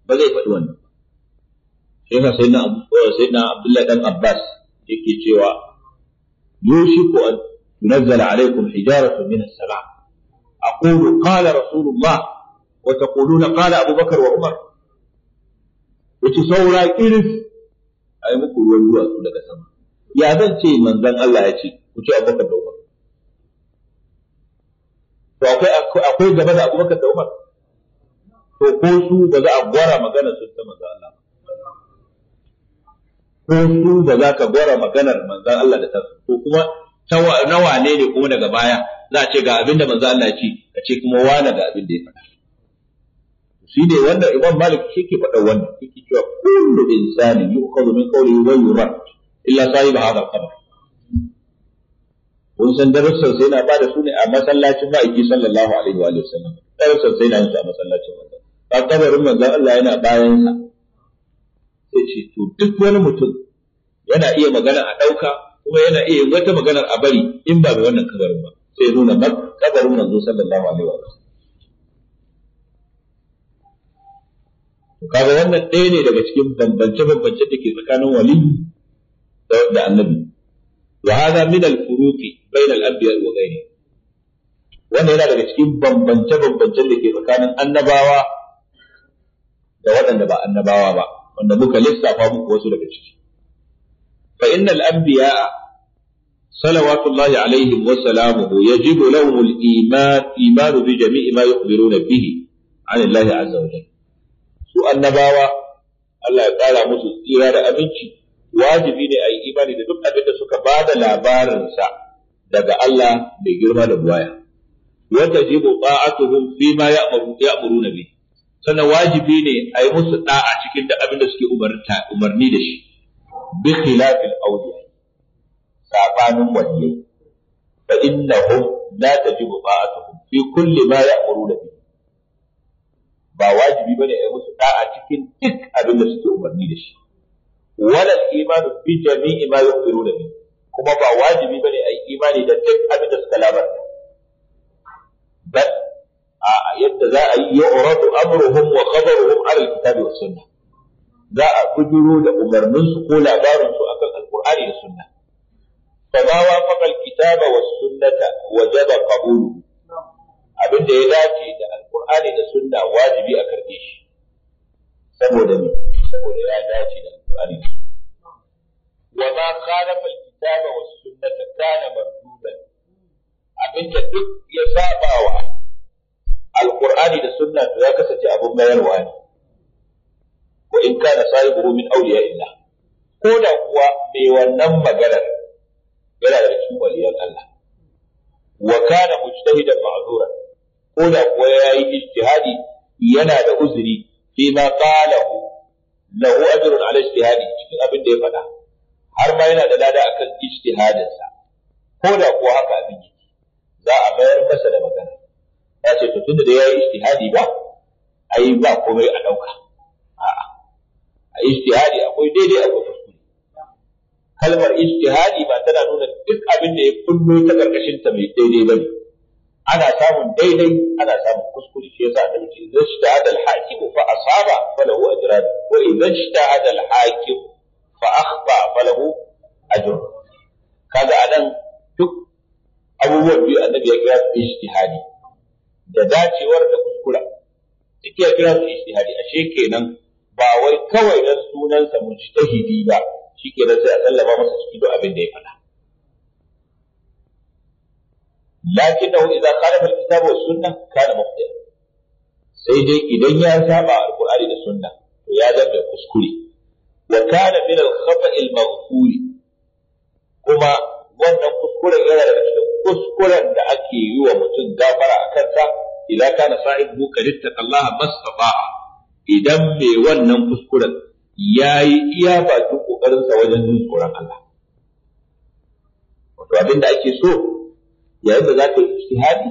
ba zai faɗi wannan ba shi yasa na Abu na Abdullah dan Abbas yake cewa yushiku an tunazzala alaikum hijaratu min as sama aqulu qala rasulullah wa taquluna qala Abu Bakar wa Umar yace saura kiris ai muku ruwan su daga sama ya zan ce manzon Allah ya ce ku ce Abubakar da Umar to akwai akwai gaba da Abubakar da Umar to ko su ba za a gwara magana su ta manzan Allah ko su ba za ka gwara maganar manzan Allah da tasu ko kuma ta nawa ne kuma daga baya za a ce ga abin da manzan Allah ce ka ce kuma wane ga abin da ya faɗa shi ne wanda Imam Malik shi ke faɗa wannan ke cewa kullu insani yu'khadhu min qawlihi wa yurad illa sahib hadha al-qabr kun san darussan sai na bada su ne a masallacin ma'aiki sallallahu alaihi wa sallam darussan sai na yi a masallacin ba kabarin manzon Allah yana bayan sa sai ce to duk wani mutum yana iya magana a ɗauka kuma yana iya yin wata maganar a bari in ba mai wannan kabarin ba sai nuna mak kabarin manzo sallallahu alaihi wa sallam kaga wannan ɗaya ne daga cikin bambance-bambance da ke tsakanin wali da annabi wa hada min al-furuqi bayna al-anbiya wa ghayrihi wannan yana daga cikin bambance-bambancen da ke tsakanin annabawa da waɗanda ba annabawa ba wanda muka lissafa muku wasu daga ciki fa innal anbiya salawatullahi alaihim wa salamuhu yajibu lahum iman iman bi jami'i ma yukhbiruna bihi an Allah azza wa su annabawa Allah ya kara musu tsira da aminci wajibi ne a yi imani da duk abin da suka ba da labarinsa daga Allah mai girma da buwaya wa tajibu ta'atuhum fi ma ya'muru ya'muruna bihi sannan wajibi ne a yi musu da'a cikin da abin da suke umarni da shi bi khilafil awliya sabanin waliyai fa innahum la tajibu ta'atuhum fi kulli ma ya'muruna bi ba wajibi bane a yi musu da'a cikin duk abin da suke umarni da shi wala al-iman bi jami'i ma yu'miruna bi kuma ba wajibi bane a yi imani da duk abin da suka labarta bal a yadda za a yi yu'radu amruhum wa khabaruhum ala alkitabi was sunnah za a bujuro da umarninsu ko labarinsu akan alqur'ani da sunna فما وافق الكتاب والسنة وجب قبوله abin Abinda ya dace da alkur'ani da sunna wajibi a karbe shi saboda me saboda ya dace da alkur'ani da sunna wa ma khalafa alkitaba was sunnata kana mardudan Abinda duk ya saba wa alqur'ani da sunna to ya kasance abun mayarwa ne Ko in kana sahibu min awliya illa ko da kuwa mai wannan maganar yana da cikin waliyan Allah wa kana mujtahidan ma'zura ko da kuwa yayi ijtihadi yana da uzuri fi ma qalahu lahu ajrun ala ijtihadi cikin abin da ya faɗa har ma yana da lada akan ijtihadinsa ko da kuwa haka abin za a bayar masa da magana ya ce to tunda da ya yi istihadi ba ai ba komai a ɗauka. a'a a istihadi akwai daidai akwai kuskure kalmar istihadi ba tana nuna duk abin da ya kullo ta karkashin ta mai daidai bane ana samun daidai ana samun kuskure shi yasa annabi ce idan ijtihada al ko fa asaba falahu ajran wa idan ijtihada al-hakim fa akhta falahu ajrun kaga anan duk abubuwan biyu annabi ya kira ijtihadi da dacewar da kuskura suke kira su ashe kenan ba wai kawai dan sunansa mujtahidi ba shikenan sai a sallama masa cikin duk abin da ya faɗa لكنه إذا خالف الكتاب والسنة كان مخطئا sai dai idan ya saba alkur'ani da sunna to ya zama kuskure wa kana min al-khata kuma wannan kuskuren yana daga cikin kuskuren da ake yi wa mutum gafara a kansa idza kana sahibu qad Allah mastafa'a idan mai wannan kuskuren yayi iya bakin kokarin sa wajen jin tsoron Allah wato abin da ake so yayin da zaka yi ijtihadi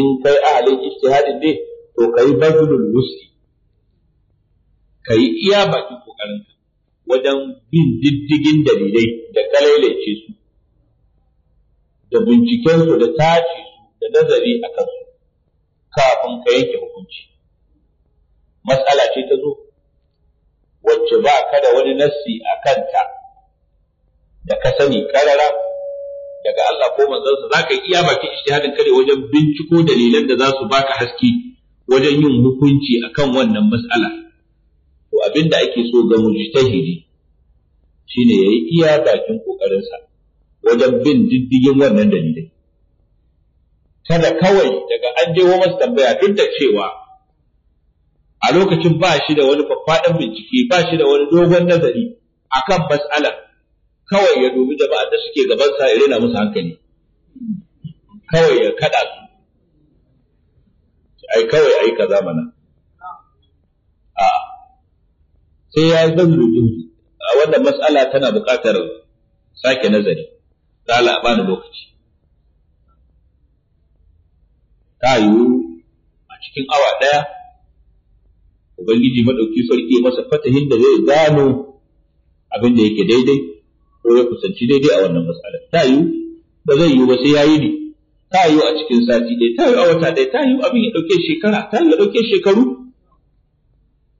in kai ahalin ijtihadi ne to kai bazlul wusi kai iya bakin kokarin ka wajen bin diddigin dalilai da kalailace su da binciken su da tace su da nazari a kansu kafin ka yanke hukunci matsala ce ta zo wacce ba ka da wani nassi a kanta da ka sani karara daga Allah ko manzansa za ka iya baki ijtihadin kare wajen binciko dalilan da za su baka haske wajen yin hukunci akan wannan matsala to abinda ake so ga mujtahidi shine yayi iya bakin kokarinsa wajen bin diddigin wannan dalilai kada kawai daga an je masa tambaya duk da cewa a lokacin ba shi da wani faffaɗan bincike ba shi da wani dogon nazari akan mas'alar kawai ya dubi jama'ar da suke gaban ya rena musu hankali kawai ya kada su ai kawai ai ka zamana a sai ya yi bazuru a wannan mas'ala tana buƙatar sake nazari ta bani lokaci ta yiwu a cikin awa ɗaya ubangiji maɗauki sarki masa fatahin da zai gano abin da yake daidai ko ya kusanci daidai a wannan matsalar ta yiwu ba zai yiwu ba sai ya yi ne ta yiwu a cikin sati ɗaya ta yiwu a wata ɗaya ta yiwu abin ya ɗauke shekara ta yiwu ya ɗauke shekaru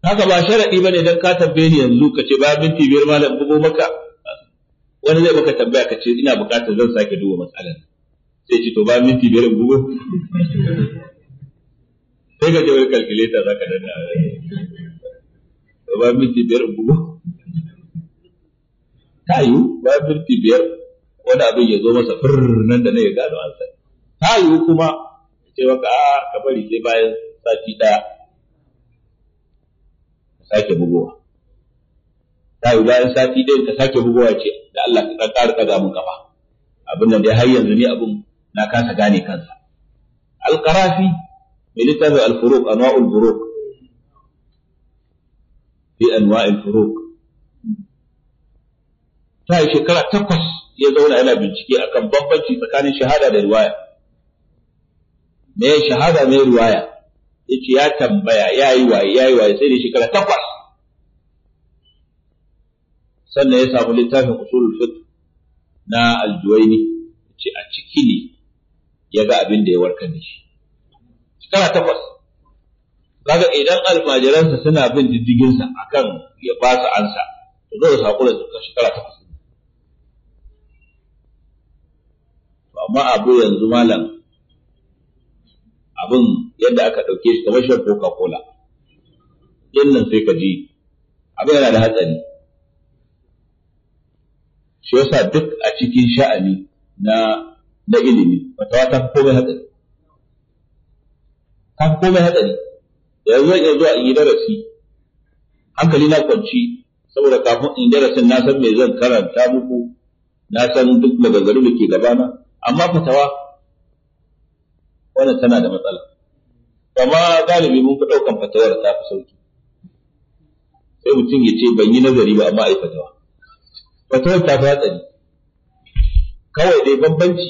haka ba sharaɗi ba ne don ka tambaye ni yanzu ka ce bayan minti biyar malam bugo maka wani zai baka tambaya ka ce ina buƙatar zan sake duba matsalar sai ce to ba minti biyar gugu sai ka je wai calculator zaka danna ba minti biyar gugu ta yiwu ba minti biyar wani abin ya zo masa fir nan da na ya gano an san ta yiwu kuma ce maka a ka bari sai bayan sati ɗaya. ka sake bugowa ta yiwu bayan sati ɗaya ka sake bugowa ce da Allah ka ɗan ƙara ɗaga mun kafa abin nan dai har yanzu ne abin na kasa gane kansa alqarafi mai littafin alfuruq anwa'ul furuq fi anwa'il furuq ta shekara takwas ya zauna yana bincike akan bambanci tsakanin shahada da riwaya me shahada me riwaya yace ya tambaya yayi waye yayi waye sai da shekara takwas sannan ya samu littafin usulul fiqh na aljuwaini ce a ciki ne ya ga abin da ya warkar da shi shekara takwas kaga idan almajiransa suna bin diddiginsa akan ya ba su ansa to zai su hakura da shekara takwas amma abu yanzu malam abin yadda aka ɗauke shi kamar shan coca cola Yin nan sai ka ji abin yana da hatsari shi yasa duk a cikin sha'ani na na ilimi fatawa ta fi komai hatsari ta fi komai hatsari yanzu zan iya zuwa in yi darasi hankali na kwanci saboda kafin in darasin na san me zan karanta muku na san duk maganganu da ke gabana amma fatawa wannan tana da matsala amma galibi mun fi ɗaukan fatawar ta fi sauki sai mutum ya ce ban yi nazari ba amma ai fatawa fatawar ta fi hatsari kawai dai bambanci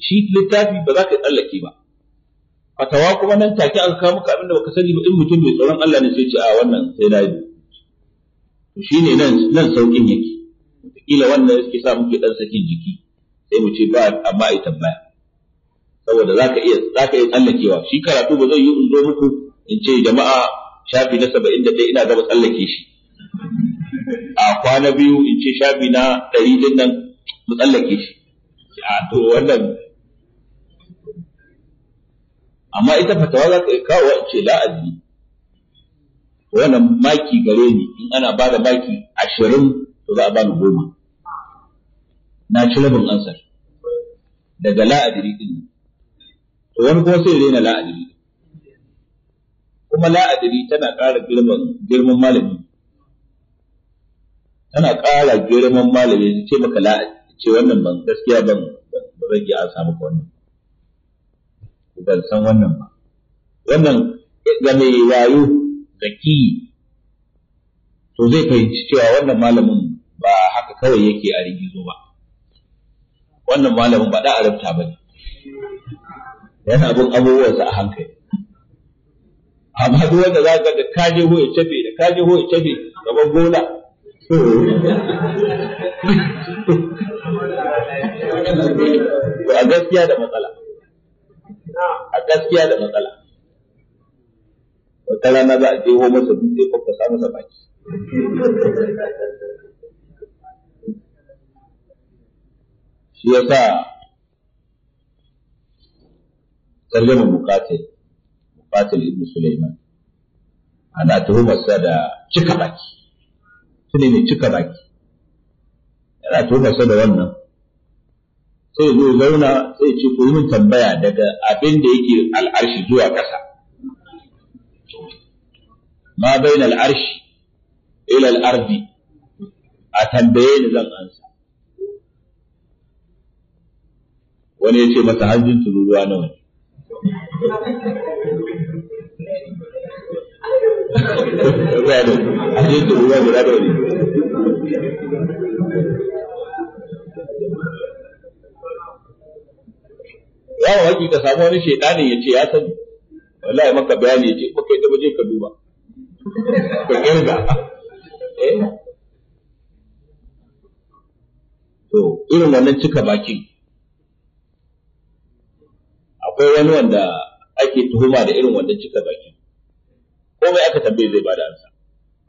shi littafi ba za ka tsallake ba fatawa kuma nan take an kawo maka abin da baka sani ba in mutum mai tsoron Allah ne sai ce a wannan sai na yi shine nan nan saukin yake Kila wannan yake sa muke dan sakin jiki sai mu ce ba amma ai tambaya saboda zaka iya zaka iya tsallakewa shi karatu ba zai yi in zo muku in ce jama'a shafi na 71 ina gaba tsallake shi a kwana biyu in ce shafi na 100 din nan mu tsallake shi a to wannan amma ita fatawa za ka kawo a ce la'azi wannan maki gare ni in ana ba da maki ashirin to za a ba ni goma na ci labin ansar daga la'adiri din nan to wani kuma sai rena la'adiri kuma la'adiri tana ƙara girman girman malami tana ƙara girman malami ce maka la'adiri ce wannan ban gaskiya ban rage zan samu ansa maka wannan ban san wannan ba wannan game rayu da ki to zai fahimci cewa wannan malamin ba haka kawai yake a rigizo ba wannan malamin ba da arabta ba ne yana bin abubuwansa a hankali amma duk wanda za ka da kaje ho ya tafi da kaje ho ya tafi gaban gona a gaskiya da matsala. A gaskiya da matsala. Wata rana za a ho masa dutse ko ka masa baki. Shi ya sa tarjama mukatil, mukatil ibn Sulaiman. Ana tuhumarsa da cika baki. tuni ne cika baki. ana tuhumar sa da wannan sai zo zauna sai ce ku yi min tambaya daga abin da yake al'arshi zuwa ƙasa ma bayan al'arshi ila al'ardi a tambaye ni zan ansa wani ya ce masa hanjin tururuwa nawa ne Gado, tururuwa guda nawa ne. ya wa haƙi ka samu wani shaidani ya ce ya sani wallahi maka bayani ya ce maka yadda ba je ka duba ka kirga eh. to irin wannan cika bakin akwai wani wanda ake tuhuma da irin wannan cika bakin komai aka tambaye zai bada ansa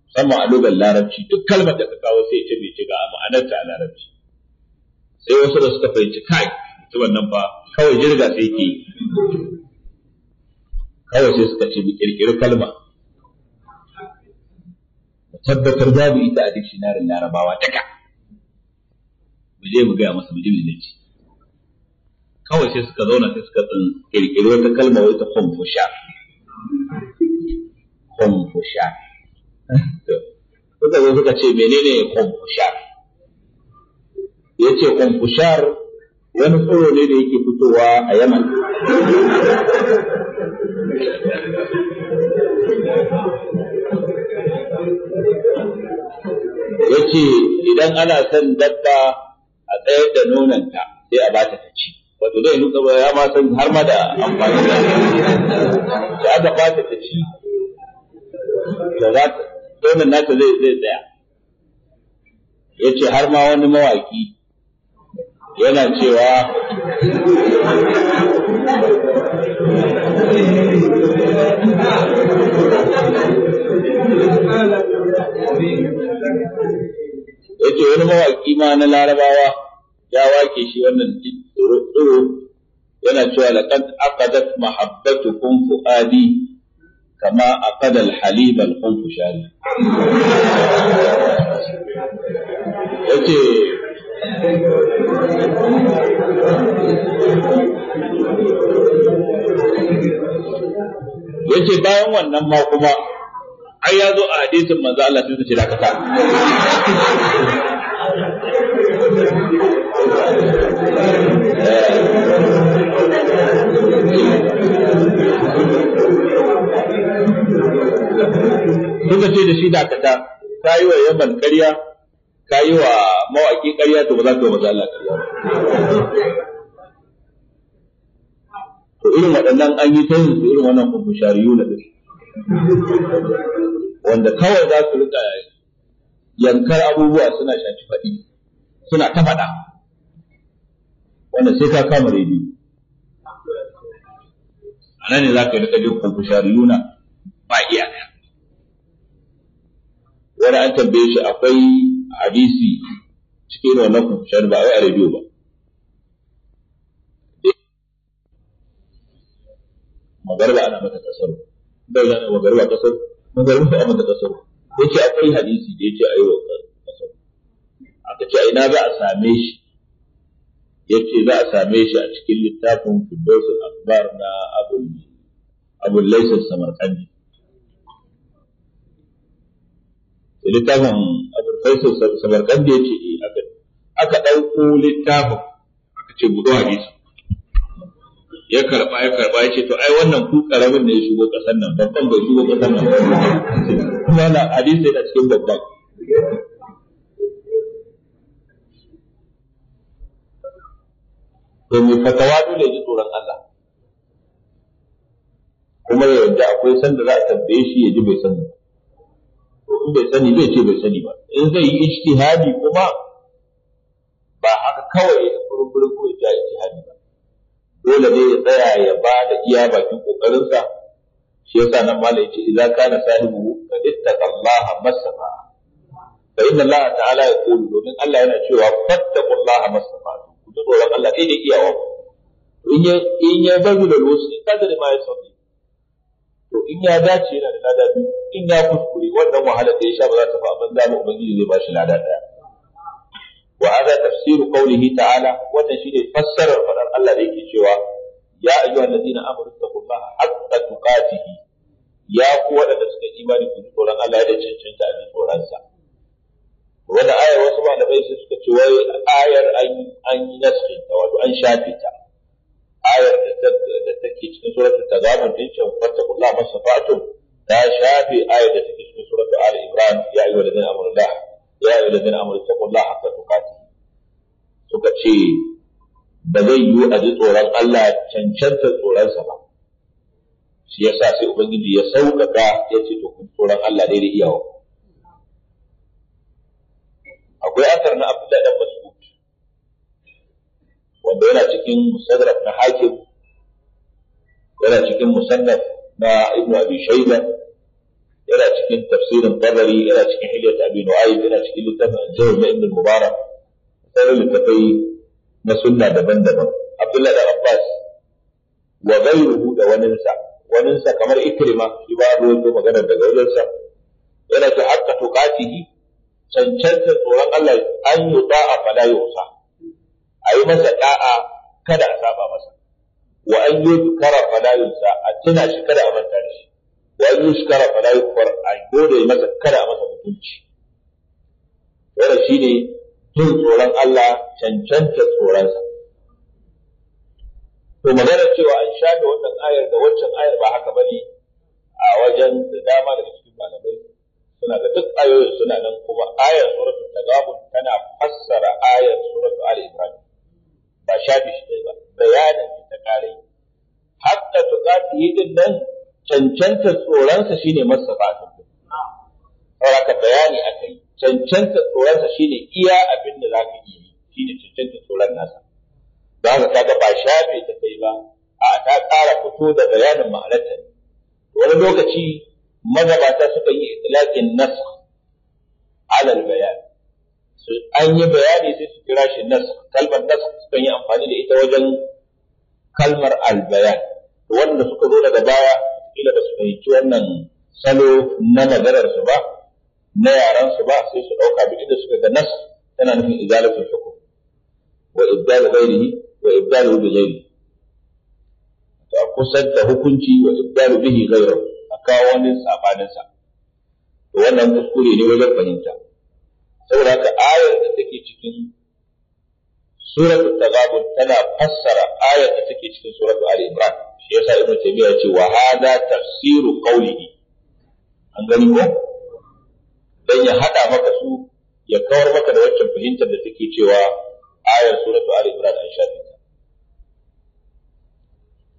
musamman a dogon larabci duk kalmar da ka kawo sai ce bai ci ga ma'anarta a larabci sai wasu da suka fahimci kai fahimci wannan ba kawai jirga sai ke kawai sai suka ce mu kirkiri kalma tabbatar babu ita a duk shinarin larabawa daga mu je mu gaya masa mu ji ne kawai sai suka zauna sai suka tsin kirkiri wata kalma wai ta kumfusha kumfusha suka zo suka ce menene kumfusha ya ce kumfushar wani tsoro ne da yake fitowa a yaman ya ce idan ana son dabba a tsayar da nonanta sai a bata ta ci wato zai nuka ba ya ma san har ma da amfani da ta aka bata ta ci da za ta nonan nata zai zai tsaya ya ce har ma wani mawaki yana cewa ce wani mawaƙi ma na larabawa ya wake shi wannan tsoro yana cewa laqad aqadat mahabbatukum fuadi kama aqada al-halib al-khunfushani yace yace bayan wannan ma kuma ai ya zo a hadisin manzo Allah sai ce dakata suka ce da shi dakata ta yi wa yaman karya ka yi wa mawaƙi ƙarya to ba za ka yi maza Allah ƙarya ba to irin waɗannan an yi ta yanzu irin wannan kumbushariyu na ɗin wanda kawai za su rika yankar abubuwa suna shafi faɗi suna ta faɗa wanda sai ka kama rediyo a nan ne za ka rika jin kumbushariyu na ba iyaka wani an tambaye shi akwai hadisi cikin wannan kushar ba a yi rediyo ba magarba ana mata kasar bai zana magarba kasar magarba ana mata kasar ya ce akwai hadisi da ya ce a yi wa kasar aka ce a ina za a same shi ya ce za a same shi a cikin littafin firdausul akbar na abul laisar samarkandi da littafin Professor da ya ce eh, aka aka ɗauko littafin aka ce buɗo hadisi ya karɓa ya karɓa ya ce to ai wannan ku karamin ne ya shigo ƙasar nan babban bai shigo ƙasar nan kuma na hadisi yana cikin babban to mai fatawa dole ji tsoron Allah kuma ya yarda akwai sanda za a tambaye shi ya ji bai sani in bai sani bai ce bai sani ba in zai yi ijtihadi kuma ba haka kawai ya furin furin ko ya ijtihadi ba dole ne ya tsaya ya ba da iya bakin kokarinsa shi yasa nan malai ce idza kana sahibu qad ittaqallaha masafa fa inna Allah ta'ala yaqulu domin Allah yana cewa fattaqullaha masafa ku tsoron Allah kai ne iyawa in ya in ya bazu da losi kadar ma ya sauke to in ya dace yana da lada biyu in ya kuskure wannan wahalar da ya sha ba za ta fa abin da ubangiji zai bashi lada daya wa hadha tafsiru qawlihi ta'ala wannan shine fassarar fadar Allah da yake cewa ya ayyuhal ladina amanu taqullaha haqqa tuqatih ya ku wadanda suka imani ku tsoron Allah da cancanta a tsoron sa wannan ayar wasu malamai suka ce wai ayar an an yi ta wato an shafe ta ayar da take cikin ta suratul tagabun din kula masa masafatun ta shafe ayar da take cikin suratul ali Ibrahim ya yi wa amanu la ya ayyuhal ladina amanu taqullaha haqqa tuqatih suka ce ba zai yi a ji tsoron Allah cancanta tsoronsa ba shi ya sa sai ubangiji ya sauƙaƙa ya ce to kun tsoron Allah daidai iyawa akwai asar na Abdullahi dan Mas'ud wanda yana cikin musadrak na hakim yana cikin musannaf na ibnu abi shayba yana cikin tafsirin tabari yana cikin hilyat abi nu'aym yana cikin littafin al-jawr na ibn mubarak sai littafai na sunna daban-daban abdullahi da abbas wa ghayruhu da waninsa waninsa kamar ikrima shi ba ruwan magana daga wajensa yana ta hakka tuqatihi Cancanta tsoron Allah an yi ta'a fala yusa a yi masa da'a kada a saba masa wa an yi fala yunsa a tuna shi kada a manta da shi wa an yuzkara fala yukfar a gode masa kada a masa hukunci wannan ne jin tsoron Allah cancanta tsoronsa to magana cewa an shafe wannan ayar da waccan ayar ba haka bane a wajen da dama daga cikin malamai suna da duk ayoyin suna nan kuma ayar suratul tagabun tana fassara ayar suratul al imran ba shafi shi ba bayanin shi ta kare. yi hatta yi din nan cancanta tsoronsa shine masafatun ka bayani akai yi cancanta tsoronsa shine iya abin da zaka iya yi shine cancanta tsoron nasa don ka kaga ba shafi ta kai ba a ta kara fito da bayanin ma'anarta wani lokaci mazabata suka yi itlaqin nasa ala bayan an yi bayani sai su kira shi nas kalmar nas sukan yi amfani da ita wajen kalmar albayan wanda suka zo daga baya kila ba su fahimci wannan salo na maganar su ba na yaran su ba sai su dauka bi da suka ga nas tana nufin izalatu hukum wa ibdalu ghairihi wa ibdalu bi ghairi to kusan da hukunci wa ibdalu bihi ghairu a kawo wani sabanin sa to wannan kuskure ne wajen fahimta saboda haka ayar da take cikin suratu tagabun tana fassara ayar da take cikin suratu ali imran shi yasa ibnu taymiya ce wa hada tafsiru qawlihi an gani ko dan ya hada maka su ya kawar maka da waccan fahimtar da take cewa ayar suratu ali imran an shafe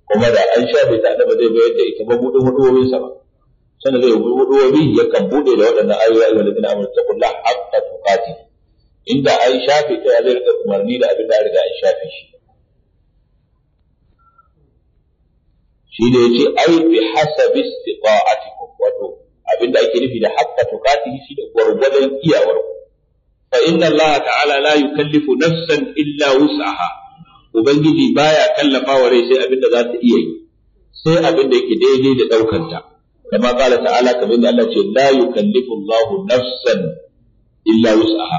kuma da an shafe ta da ba zai bayar da ita ba budin hudumomin sa ba sannan zai buɗo wani ya kan buɗe da waɗannan ayoyi ayyuka da bin amur taqulla haqqa tuqati inda an shafe ta zai rika umarni da abin da riga an shafe shi shi ne yace ai bi hasabi istiqa'atikum wato abin da ake nufi da haqqa tuqati shi da gwargwadon iyawar ku fa inna allaha ta'ala la yukallifu nafsan illa wus'aha ubangiji baya kallafa wa rai sai abin da za ta iya yi sai abin da yake daidai da ɗaukanta. kama qala ta'ala kamar da Allah ce la yukallifu Allahu nafsan illa wus'aha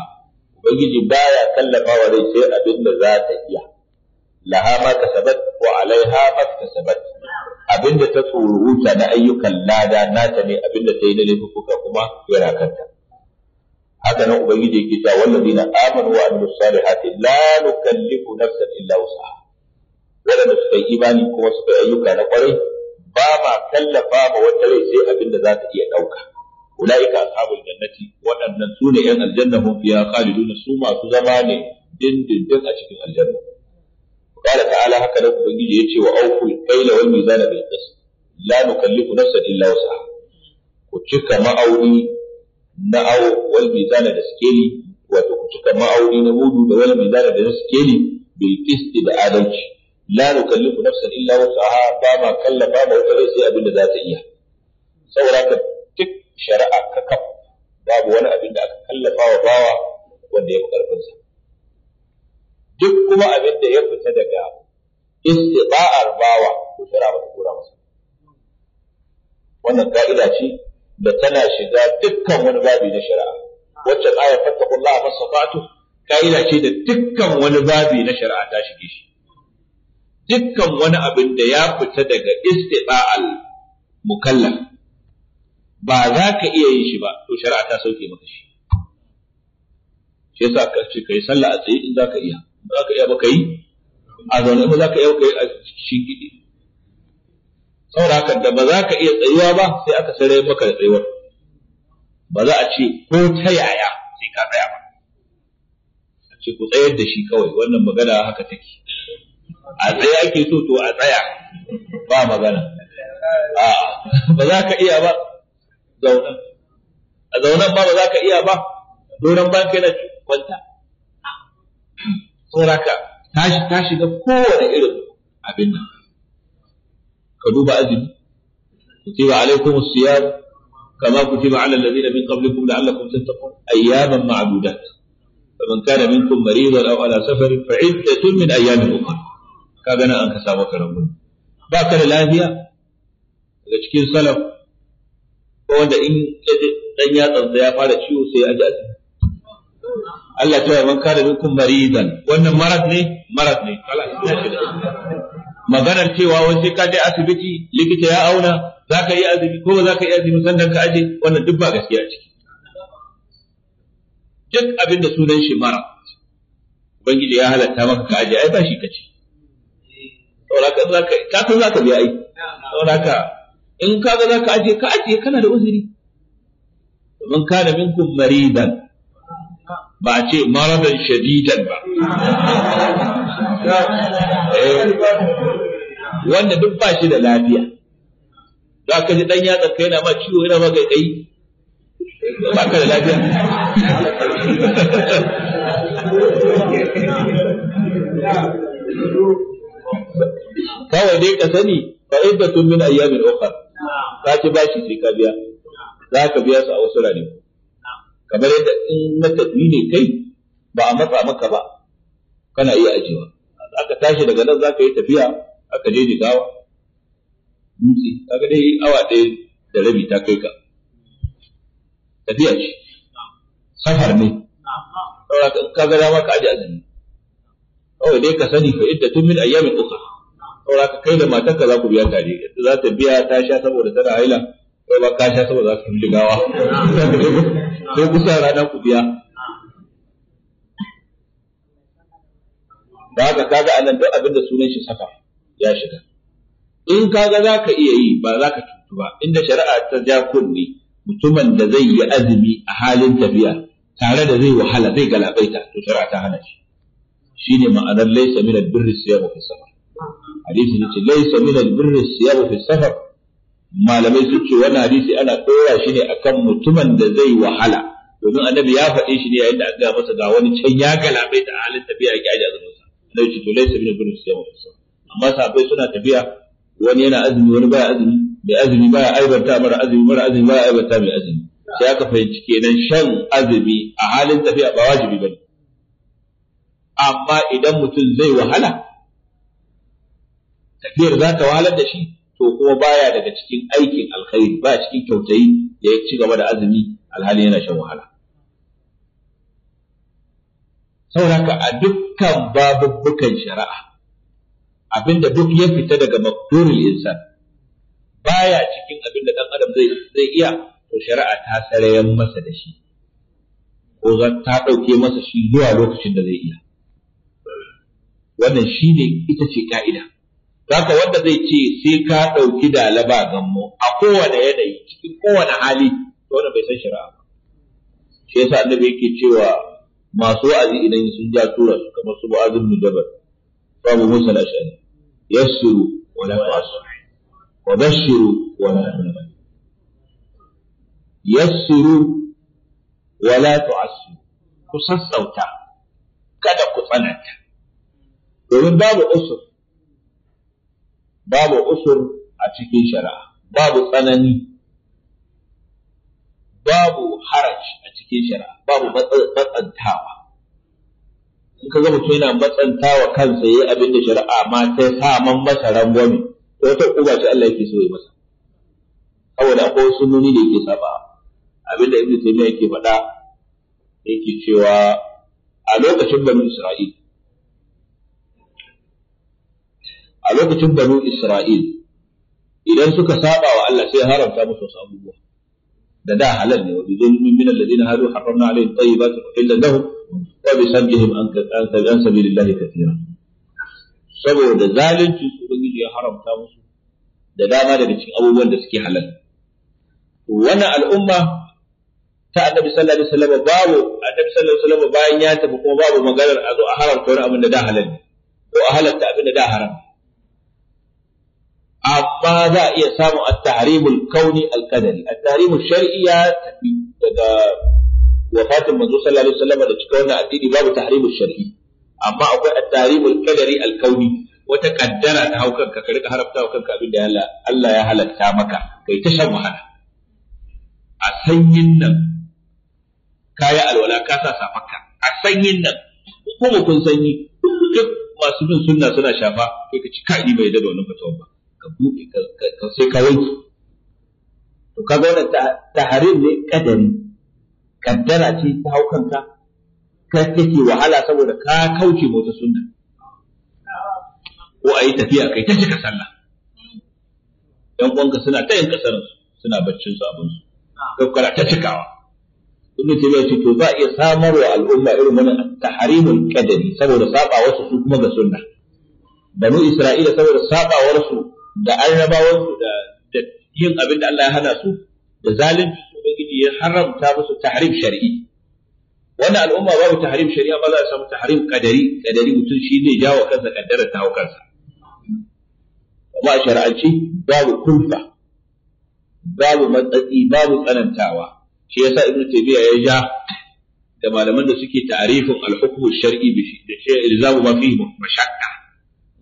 ubangiji baya tallafawa wa rai sai abin da za ta iya laha ma kasabat wa alaiha ma kasabat abinda ta tsoruta na ayyukan lada nata ne abinda ta yi na laifuka kuma yana kanta haka nan ubangiji yake cewa wallazina amanu wa amilus salihati la nukallifu nafsan illa wus'aha wadanda suka yi imani kuma suka yi ayyuka na kwarai ba ma kallafa ma wata rai sai abin da za ta iya ɗauka ulaika ashabul jannati waɗannan su ne yan aljanna hum fiha khalidun su masu zama ne dindindin a cikin aljanna قال تعالى هكذا ubangiji ce wa awful kayla wal mizana bil qist la nukallifu nafsan illa wus'aha ku cika ma'auni na awo wal mizana da skeli wato ku cika ma'auni na hudu da wal mizana da skeli bil qist da adalci la nukallifu nafsan illa wus'aha ba ma kallafa da wata rai sai abin da za ta iya saboda ka duk shari'a ka kaf babu wani abin da aka kallafa wa bawa wanda ya fi karfinsa duk kuma abin da ya fita daga istiba'ar bawa ko shari'a ba ta kura masa wannan ka'ida ce da tana shiga dukkan wani babi na shari'a wacce ayar fattaqullaha masata'tu ka'ida ce da dukkan wani babi na shari'a ta shige shi dukkan wani abin da ya fita daga istita'al mukallaf ba za ka iya yin shi ba to shari'a ta sauke maka shi shi yasa ka ce kai sallah a tsaye in za ka iya ba za ka iya ba kai a zaune ba za ka iya ba kai a cikin gidi saboda haka da ba za ka iya tsayuwa ba sai aka sarai maka da tsayuwar ba za a ce ko ta yaya sai ka tsaya ba a ce ku tsayar da shi kawai wannan magana haka take a tsaye ake so to a tsaya ba magana a ba za ka iya ba zaunan a zaunan ba ba za ka iya ba doron ba kai na kwanta sauraka ta shiga kowane irin abin nan ka duba azumi kutiba alaikum siyam kama kutiba ala alladhina min qablikum la'allakum tattaqun ayyaman ma'dudat فمن كان منكم مريضا او على سفر فعدة من ايام اخرى ka gani an kasa maka rangwame ba ka da lafiya daga cikin salaf ko wanda in dan yatsansa ya fara ciwo sai ya ji ciki. Allah ta man kada minkum maridan wannan marat ne marat ne maganar cewa wai sai ka je asibiti likita ya auna za ka yi azumi ko za ka yi azumi sannan ka aje wannan duk ba gaskiya ciki duk abin da sunan shi mara ubangiji ya halatta maka ka aje ai ba shi kace sauraka za ka biya ai sauraka in ka ga za ka ajiye ka ajiye kana da uzuri man kana minkum maridan ba a ce maradan shadidan ba eh, wanda duk ba shi da lafiya za ka ji ɗan yatsa tsaka yana ma ciwo yana ma gaigai ba ka da lafiya kawai dai ka sani fa tun min ayyamin ukhra ka ci bashi sai ka biya za ka biya su a wasu rani kamar yadda in na tafi ne kai ba a matsa maka ba kana iya ajiyewa aka tashi daga nan za ka yi tafiya aka je gawa. dutse aka dai awa ɗaya da rabi ta kai ka tafiya ce safar ne saboda ka ga dama ka aje azumi kawai dai ka sani fa tun min ayyamin ukhra saboda ka kai da matarka za ku biya tare za ta biya ta sha saboda tana haila kai ba ka sha saboda za ka yi ligawa sai kusa rana ku biya ba ka kaga anan duk abin da sunan shi saka ya shiga in kaga za ka iya yi ba za ka cutu ba inda shari'a ta ja kunni mutumin da zai yi azumi a halin tafiya tare da zai wahala zai galabaita to shari'a ta hana shi shine ma'anar laysa min ad birr siyam fi safar hadisi ne ce laisa min albirri siyabu fi safar malamai sun ce wannan hadisi ana koya shi ne akan mutumin da zai wahala domin annabi ya faɗi shi ne yayin da aka masa ga wani can ya galabai da halin tafiya ya gaji azumin sa annabi ce to laisa min albirri siyabu fi safar amma sahabbai suna tafiya wani yana azumi wani baya azumi mai azumi baya aibanta mara azumi mara azumi baya aibanta mai azumi sai aka fahimci kenan shan azumi a halin tafiya ba wajibi bane amma idan mutum zai wahala tafiyar za ta walar da shi to kuma baya daga cikin aikin alkhairi ba cikin kyautai da ya ci gaba da azumi alhali yana shan wahala saboda a dukkan babubbukan shari'a abinda duk ya fita daga makdurul insan baya cikin abinda ɗan adam zai zai iya to shari'a ta sarayen masa da shi ko ta ɗauke masa shi zuwa lokacin da zai iya wannan shi ne ita ce ka'ida Zaka wanda zai ce sai ka ɗauki dala ba gammo a kowane yanayi cikin kowane hali to wanda bai san shari'a ba. Shi yasa annabi yake cewa masu wa'azi idan sun ja tura su kamar su ba'azin mujabar babu musa lashani yassuru wa la ta'suru wa bashiru wa la Yassiru wa la ku sassauta kada ku tsananta domin babu usur babu usur a cikin shari'a babu tsanani babu haraj a cikin shari'a babu matsantawa in ka ga mutum yana matsantawa kansa yayi abin da shari'a ma ta sa man masa rangwame ko wata uba ce Allah yake so ya masa saboda akwai sunnoni da yake saba abin da Ibn Taymiyyah yake faɗa yake cewa a lokacin Bani Isra'il a lokacin banu Isra'il idan suka saba wa Allah sai haramta musu wasu abubuwa da da halal ne wani wa bi zulmin min alladhina hadu harramna alaihim tayyibati uhillat lahum wa bi sabjihim an an sabilillahi katira saboda zalunci su ubangiji ya haramta musu da dama daga cikin abubuwan da suke halal wannan al'umma ta annabi sallallahu alaihi wasallam babu annabi sallallahu alaihi wasallam bayan ya tafi kuma babu maganar a zo a haramta wani abin da da halal ko a halatta abin da da haram amma za a iya samun at-tahrimul kauni al-qadari at ya tafi daga wafatin manzo sallallahu alaihi wasallam da cika wannan addini babu tahrimul shar'i amma akwai at kadari qadari wata kaddara ta hau kanka ka rika harafta wa kanka abin da Allah ya halatta maka kai ta shan wahala a sanyin nan kaya alwala ka sa safarka a sanyin nan ko kun sanyi duk masu bin sunna suna shafa kai ka ci kai bai da wannan fatawa ba ka buɗe ka sai ka yanki to kaga wannan taharim ne kadari kaddara ce ta hau kanka ka kake wahala saboda ka kauce mota sunna ko ayi tafiya kai ta cika sallah yan uwanka suna ta yin kasarin suna baccin su abin su kai kana ta cikawa ibn tabiya ce to za iya iya wa al'umma irin wannan taharimul qadari saboda saba wasu su kuma ga sunna banu isra'ila saboda sabawar su da arrabawansu su da yin abin da Allah ya hana su da zalunci su ubangiji ya haramta musu tahrim shar'i wannan al'umma babu tahrim shari'a amma za a samu tahrim kadari kadari mutum shi zai jawo kansa kaddarar ta kansa amma a shari'ance babu kulfa babu matsatsi babu tsanantawa shi yasa Ibn taymiya ya ja da malaman da suke ta'arifin al-hukmu shar'i bi shi da shi ilzamu ma fihi mashaqqa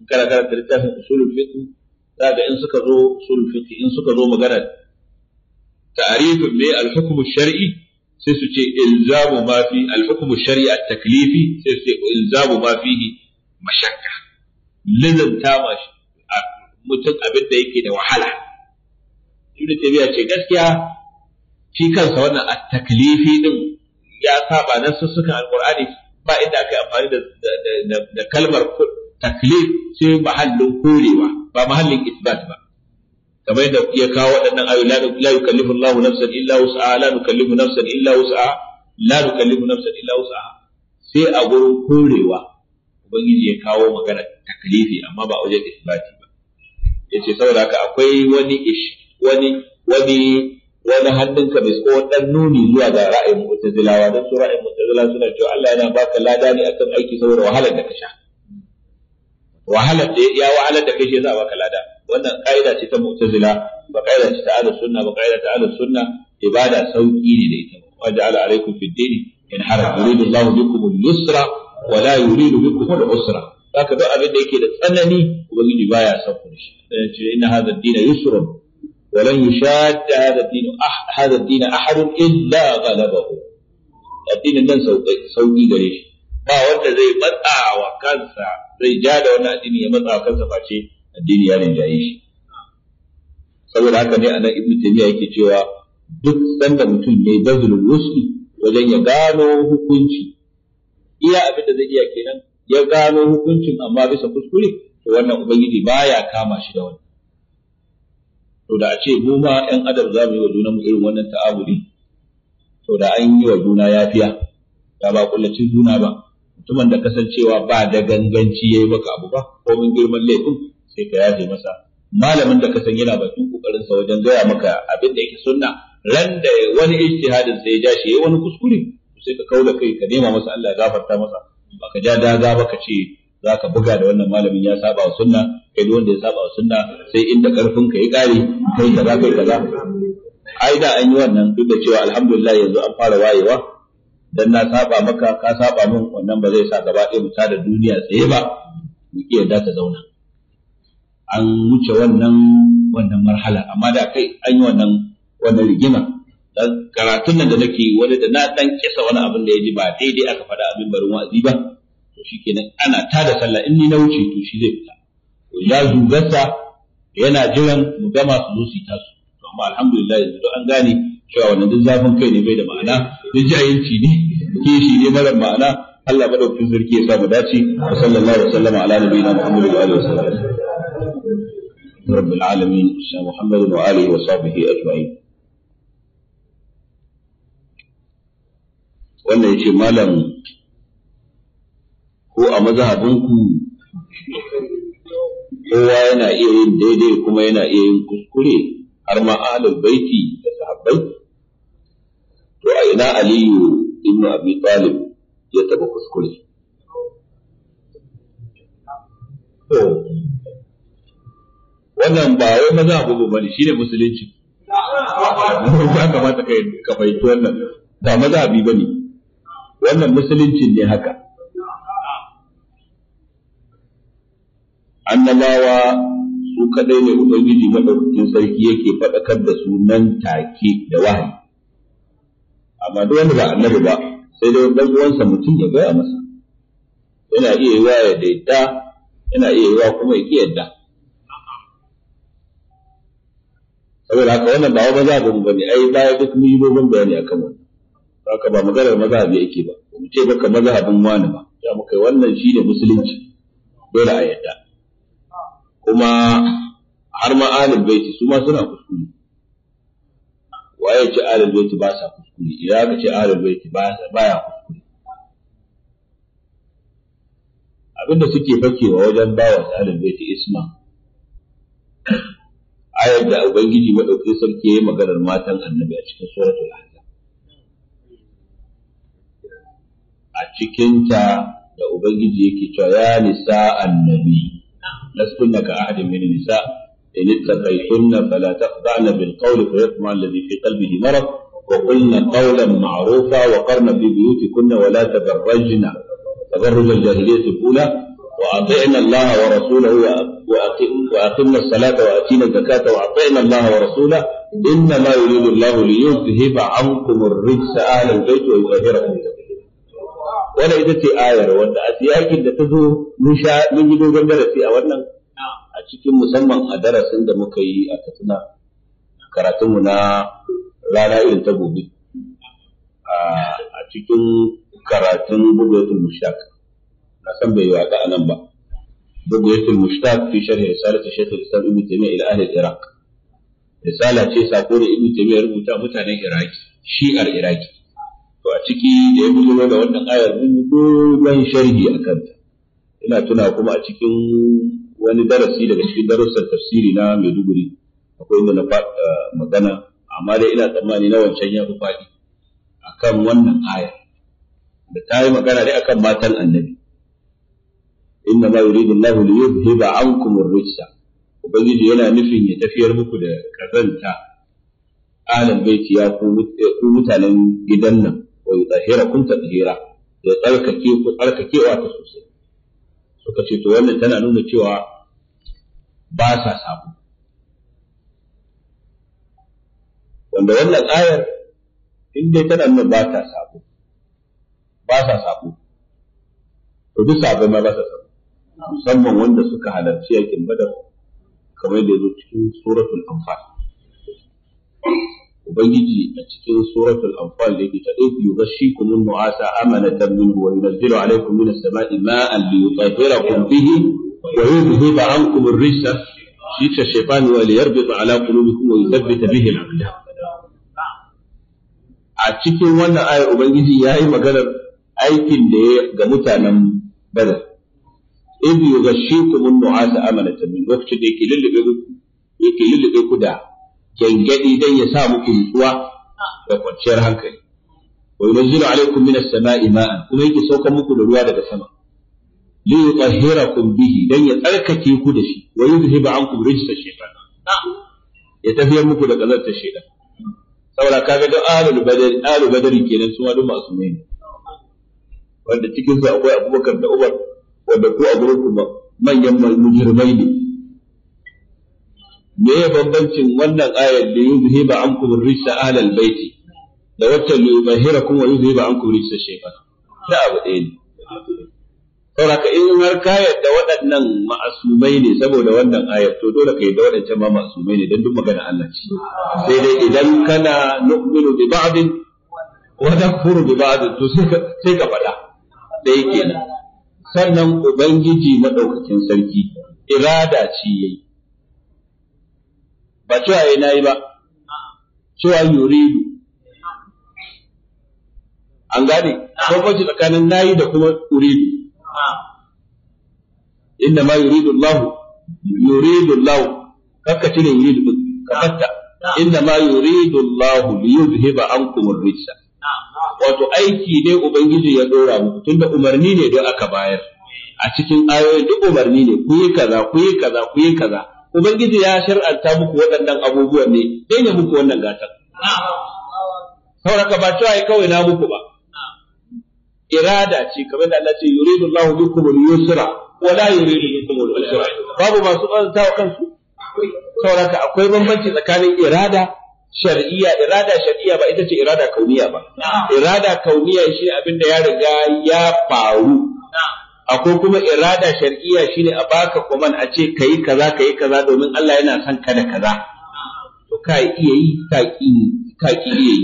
in kana karanta littafin usulul fiqh daga in suka zo sulfiki in suka zo magana ta'arifin me al-hukm shar'i sai su ce ilzamu ma fi al-hukm shar'i at-taklifi sai su ce ilzamu ma fihi mashakka lazanta ma mutum abin da yake da wahala ibnu tabiya ce gaskiya shi kansa wannan at-taklifi din ya saba nan sussukan alqur'ani ba inda aka yi amfani da kalmar taklif sai mahallin korewa ba mahallin isbat ba kamar da ya kawo waɗannan ayoyi la yukallifu Allahu nafsan illa wus'a la yukallifu nafsan illa wus'a la yukallifu nafsan illa wus'a sai a gurin korewa ubangiji ya kawo magana taklifi amma ba wajen isbat ba yace saboda haka akwai wani ish wani wani wani hannunka bai ko dan nuni zuwa ga ra'ayin mu'tazilawa dan su ra'ayin mutazilawa suna cewa Allah yana baka lada ne akan aiki saboda wahalar da ka sha wahalar da ya wahalar da kai shi za a baka lada wannan kaida ce ta mu'tazila ba kaida ce ta ahlus sunna ba kaida ta ahlus sunna ibada sauki ne da ita wa ja'ala alaikum fid din in haraj yuridu Allahu bikum al-yusra wa la yuridu bikum al-usra haka duk abin da yake da tsanani ubangiji baya son ku shi dan ce inna hadha ad-din yusrun wa lan yushad hadha ad-din ah, hadha ad-din ahad illa ghalabahu addinin nan sauki gare shi ba wanda zai matsa wa kansa zai ja da wani addini ya matsa wa kansa face addini ya rinjaye shi saboda haka ne anan ibnu taymiya yake cewa duk sanda mutum ne bazul wusli wajen ya gano hukunci iya abin da zai iya kenan ya gano hukuncin amma bisa kuskure to wannan ubangiji baya kama shi da wannan to da a ce mu ma 'yan adam za mu yi wa juna mu irin wannan ta'abudi to da an yi wa juna yafiya ta ba kullacin juna ba mutumin da kasancewa ba da ganganci ya yi maka abu ba komin girman laifin sai ka yaje masa malamin da kasan yana bakin kokarin sa wajen gaya maka abin da yake sunna ran da wani ijtihadin sai ya ja shi yayi wani kuskure sai ka kauda kai ka nema masa Allah ya gafarta masa ba ka ja daga ba ka ce za ka buga da wannan malamin ya saba wa sunna kai wanda ya saba wa sunna sai inda karfin ka ya kare kai kaza kai kaza ai da an yi wannan duk da cewa alhamdulillah yanzu an fara wayewa dan na saba maka ka saba min wannan ba zai sa gaba ɗaya mu da duniya tsaye ba mu ki yarda ta zauna an wuce wannan wannan marhala amma da kai an yi wannan wannan rigima karatun nan da nake wani da na dan kisa wani abin da ya ji ba daidai aka faɗa abin barin wa'azi ba to shikenan ana tada sallah in ni na wuce to shi zai fita to ya zugarsa yana jiran mu gama su zo su yi tasu to amma alhamdulillah yanzu an gane cewa wannan duk zafin kai ne bai da ma'ana duk jahilci ne kishi ne mara ma'ana Allah madaukakin sarki ya sa mu dace wa sallallahu alaihi wa sallama ala nabiyina Muhammad wa alihi wa sallam رب العالمين سيدنا محمد وآله وصحبه أجمعين wannan ya ce malam ko a mazhabinku kowa yana iya yin daidai kuma yana iya yin kuskure har ma ahlul baiti da sahabbai to a ina aliyu ibnu abi talib ya taba kuskure to wannan ba wai maza abu ba ne shine musulunci ya kamata kai ka fahimci wannan ba maza abi ba ne wannan musulunci ne haka annabawa su kadai ne ubangiji madaukakin sarki yake faɗakar da su nan take da wahayi amma duk wanda ba annabi ba sai dai dan uwansa mutum ya gaya masa yana iya yiwa ya daita yana iya yiwa kuma ya kiyarda yadda saboda haka wannan ba wani mazhabin ba ne ai baya duk mun yi dogon bayani akan wannan haka ba maganar mazhabi yake ba mu ce baka mazhabin wani ba ya muka wannan shine musulunci dole a yadda kuma har ma alil baiti su ma suna kuskure waye ce alil baiti ba sa kuskure idan aka ce alil baiti ba ya kuskure abinda suke fakewa wajen bawa alil baiti isma ayar da ubangiji madaukakin sarki ya yi maganar matan annabi a cikin suratul ahzab a cikinta da ubangiji yake cewa ya nisa annabi لستن كأحد من النساء إن اتقيتن فلا تخضعن بالقول فيطمع الذي في قلبه مرض وقلن قولا معروفا وقرن في بيوتكن ولا تبرجن تبرج الجاهلية الأولى وأطعنا الله ورسوله وأقمنا الصلاة وآتينا الزكاة وأطعنا الله ورسوله إنما يريد الله ليذهب عنكم الرجس أهل البيت ويطهركم تطهيرا wannan ita ce ayar wanda a siyakin da ta zo mun sha mun yi dogon darasi a wannan a cikin musamman a darasin da muka yi a Katsina karatunmu na rana irin ta gobe a cikin karatun bugayatul mushtaq na san bai yi waka a nan ba bugayatul mushtaq fi sharhi risalati shaykh al-islam ibn taymiyyah ila ahli iraq risala ce sako da ibn taymiyyah rubuta mutanen iraki shi'ar iraki to a ciki da ya fito da wannan ayar mun ban sharhi a kanta ina tuna kuma a cikin wani darasi daga cikin darussan tafsiri na Maiduguri akwai inda na magana amma dai ina tsammani na wancan ya fi faɗi akan wannan aya da ta yi magana dai akan matan annabi inna ma yuridu Allah li yuzhiba ankum ar-rijsa ubangiji yana nufin ya tafiyar muku da kazanta alal baiti ya ku mutanen gidan nan wa kun tatheera ya tsarkake ku tsarkakewa ta sosai suka ce to wannan tana nuna cewa ba sa sabu wanda wannan ayar in dai tana nuna ba ta sabu ba sa sabu to duk sabu ma ba sa sabu musamman wanda suka halarci yakin badar kamar da yazo cikin suratul anfal ubangiji a cikin suratul anfal yake ta dai yughashshikum nu'asa amanatan minhu wa yunzilu alaykum minas sama'i ma'an liyutahhirakum bihi wa yudhhiba ankum ar-rijsa shi ta shaytan wa liyarbita ala qulubikum wa yuthabbita bihi al-aqdam a cikin wannan ayar ubangiji yayi maganar aikin da ya ga mutanen badar idh yughashshikum nu'asa amanatan min lokacin da yake lullube ku yake lullube ku da gangadi dan ya sa muku nutsuwa da kwanciyar hankali wa yunzilu alaikum minas sama'i ma'an kuma yake saukar muku da ruwa daga sama li kun bihi dan ya tsarkake ku da shi wa yuzhiba ankum rijistar shaytan ya tafiyar muku da kazartar shaytan saboda kaga don alul badari alul badari kenan su wani masu ne wanda cikin su akwai Abubakar da Umar wanda ko a gurin kuma manyan mujrimai ne me ya bambancin wannan ayar da ba an kuma rijsa ahlal baiti da wacce kuma yi zuhi ba an kuma rijsa shekara da abu ɗaya ne Raka in har ka yadda waɗannan ma'asumai ne saboda wannan ayar to dole ka yadda waɗancan ma ma'asumai ne don duk magana Allah ce sai dai idan kana nu'minu bi ba'din wa nakfuru bi ba'din to sai ka faɗa da kenan sannan ubangiji madaukakin sarki irada ce yayi ba cewa na eh nayi ba cewa yuridu an gane bambanci tsakanin nayi da kuma uridu inna ma yuridu Allah yuridu Allah kakka cire yuridu ka fatta inna ma yuridu Allah zuhe yuzhiba ankum ar-rijsa wato aiki ne ubangiji ya dora muku tunda umarni ne don aka bayar a cikin ayoyi duk umarni ne ku yi kaza ku yi kaza ku yi kaza ubangiji ya shar'anta muku waɗannan abubuwan ne dan muku wannan gatan sauraka ba cewa kawai na muku ba irada ce kamar da Allah ce da Allah bikum al-yusra wa la yuridu bikum al-usra babu masu wa kansu sauraka akwai bambanci tsakanin irada shar'iyya irada shar'iyya ba ita ce irada kauniya ba irada kauniya shi abin da ya riga ya faru ako kuma irada shar'iyya shine a baka kuman a ce kayi kaza kayi kaza domin Allah yana son ka da kaza to ka iya yi ka ki ka iya yi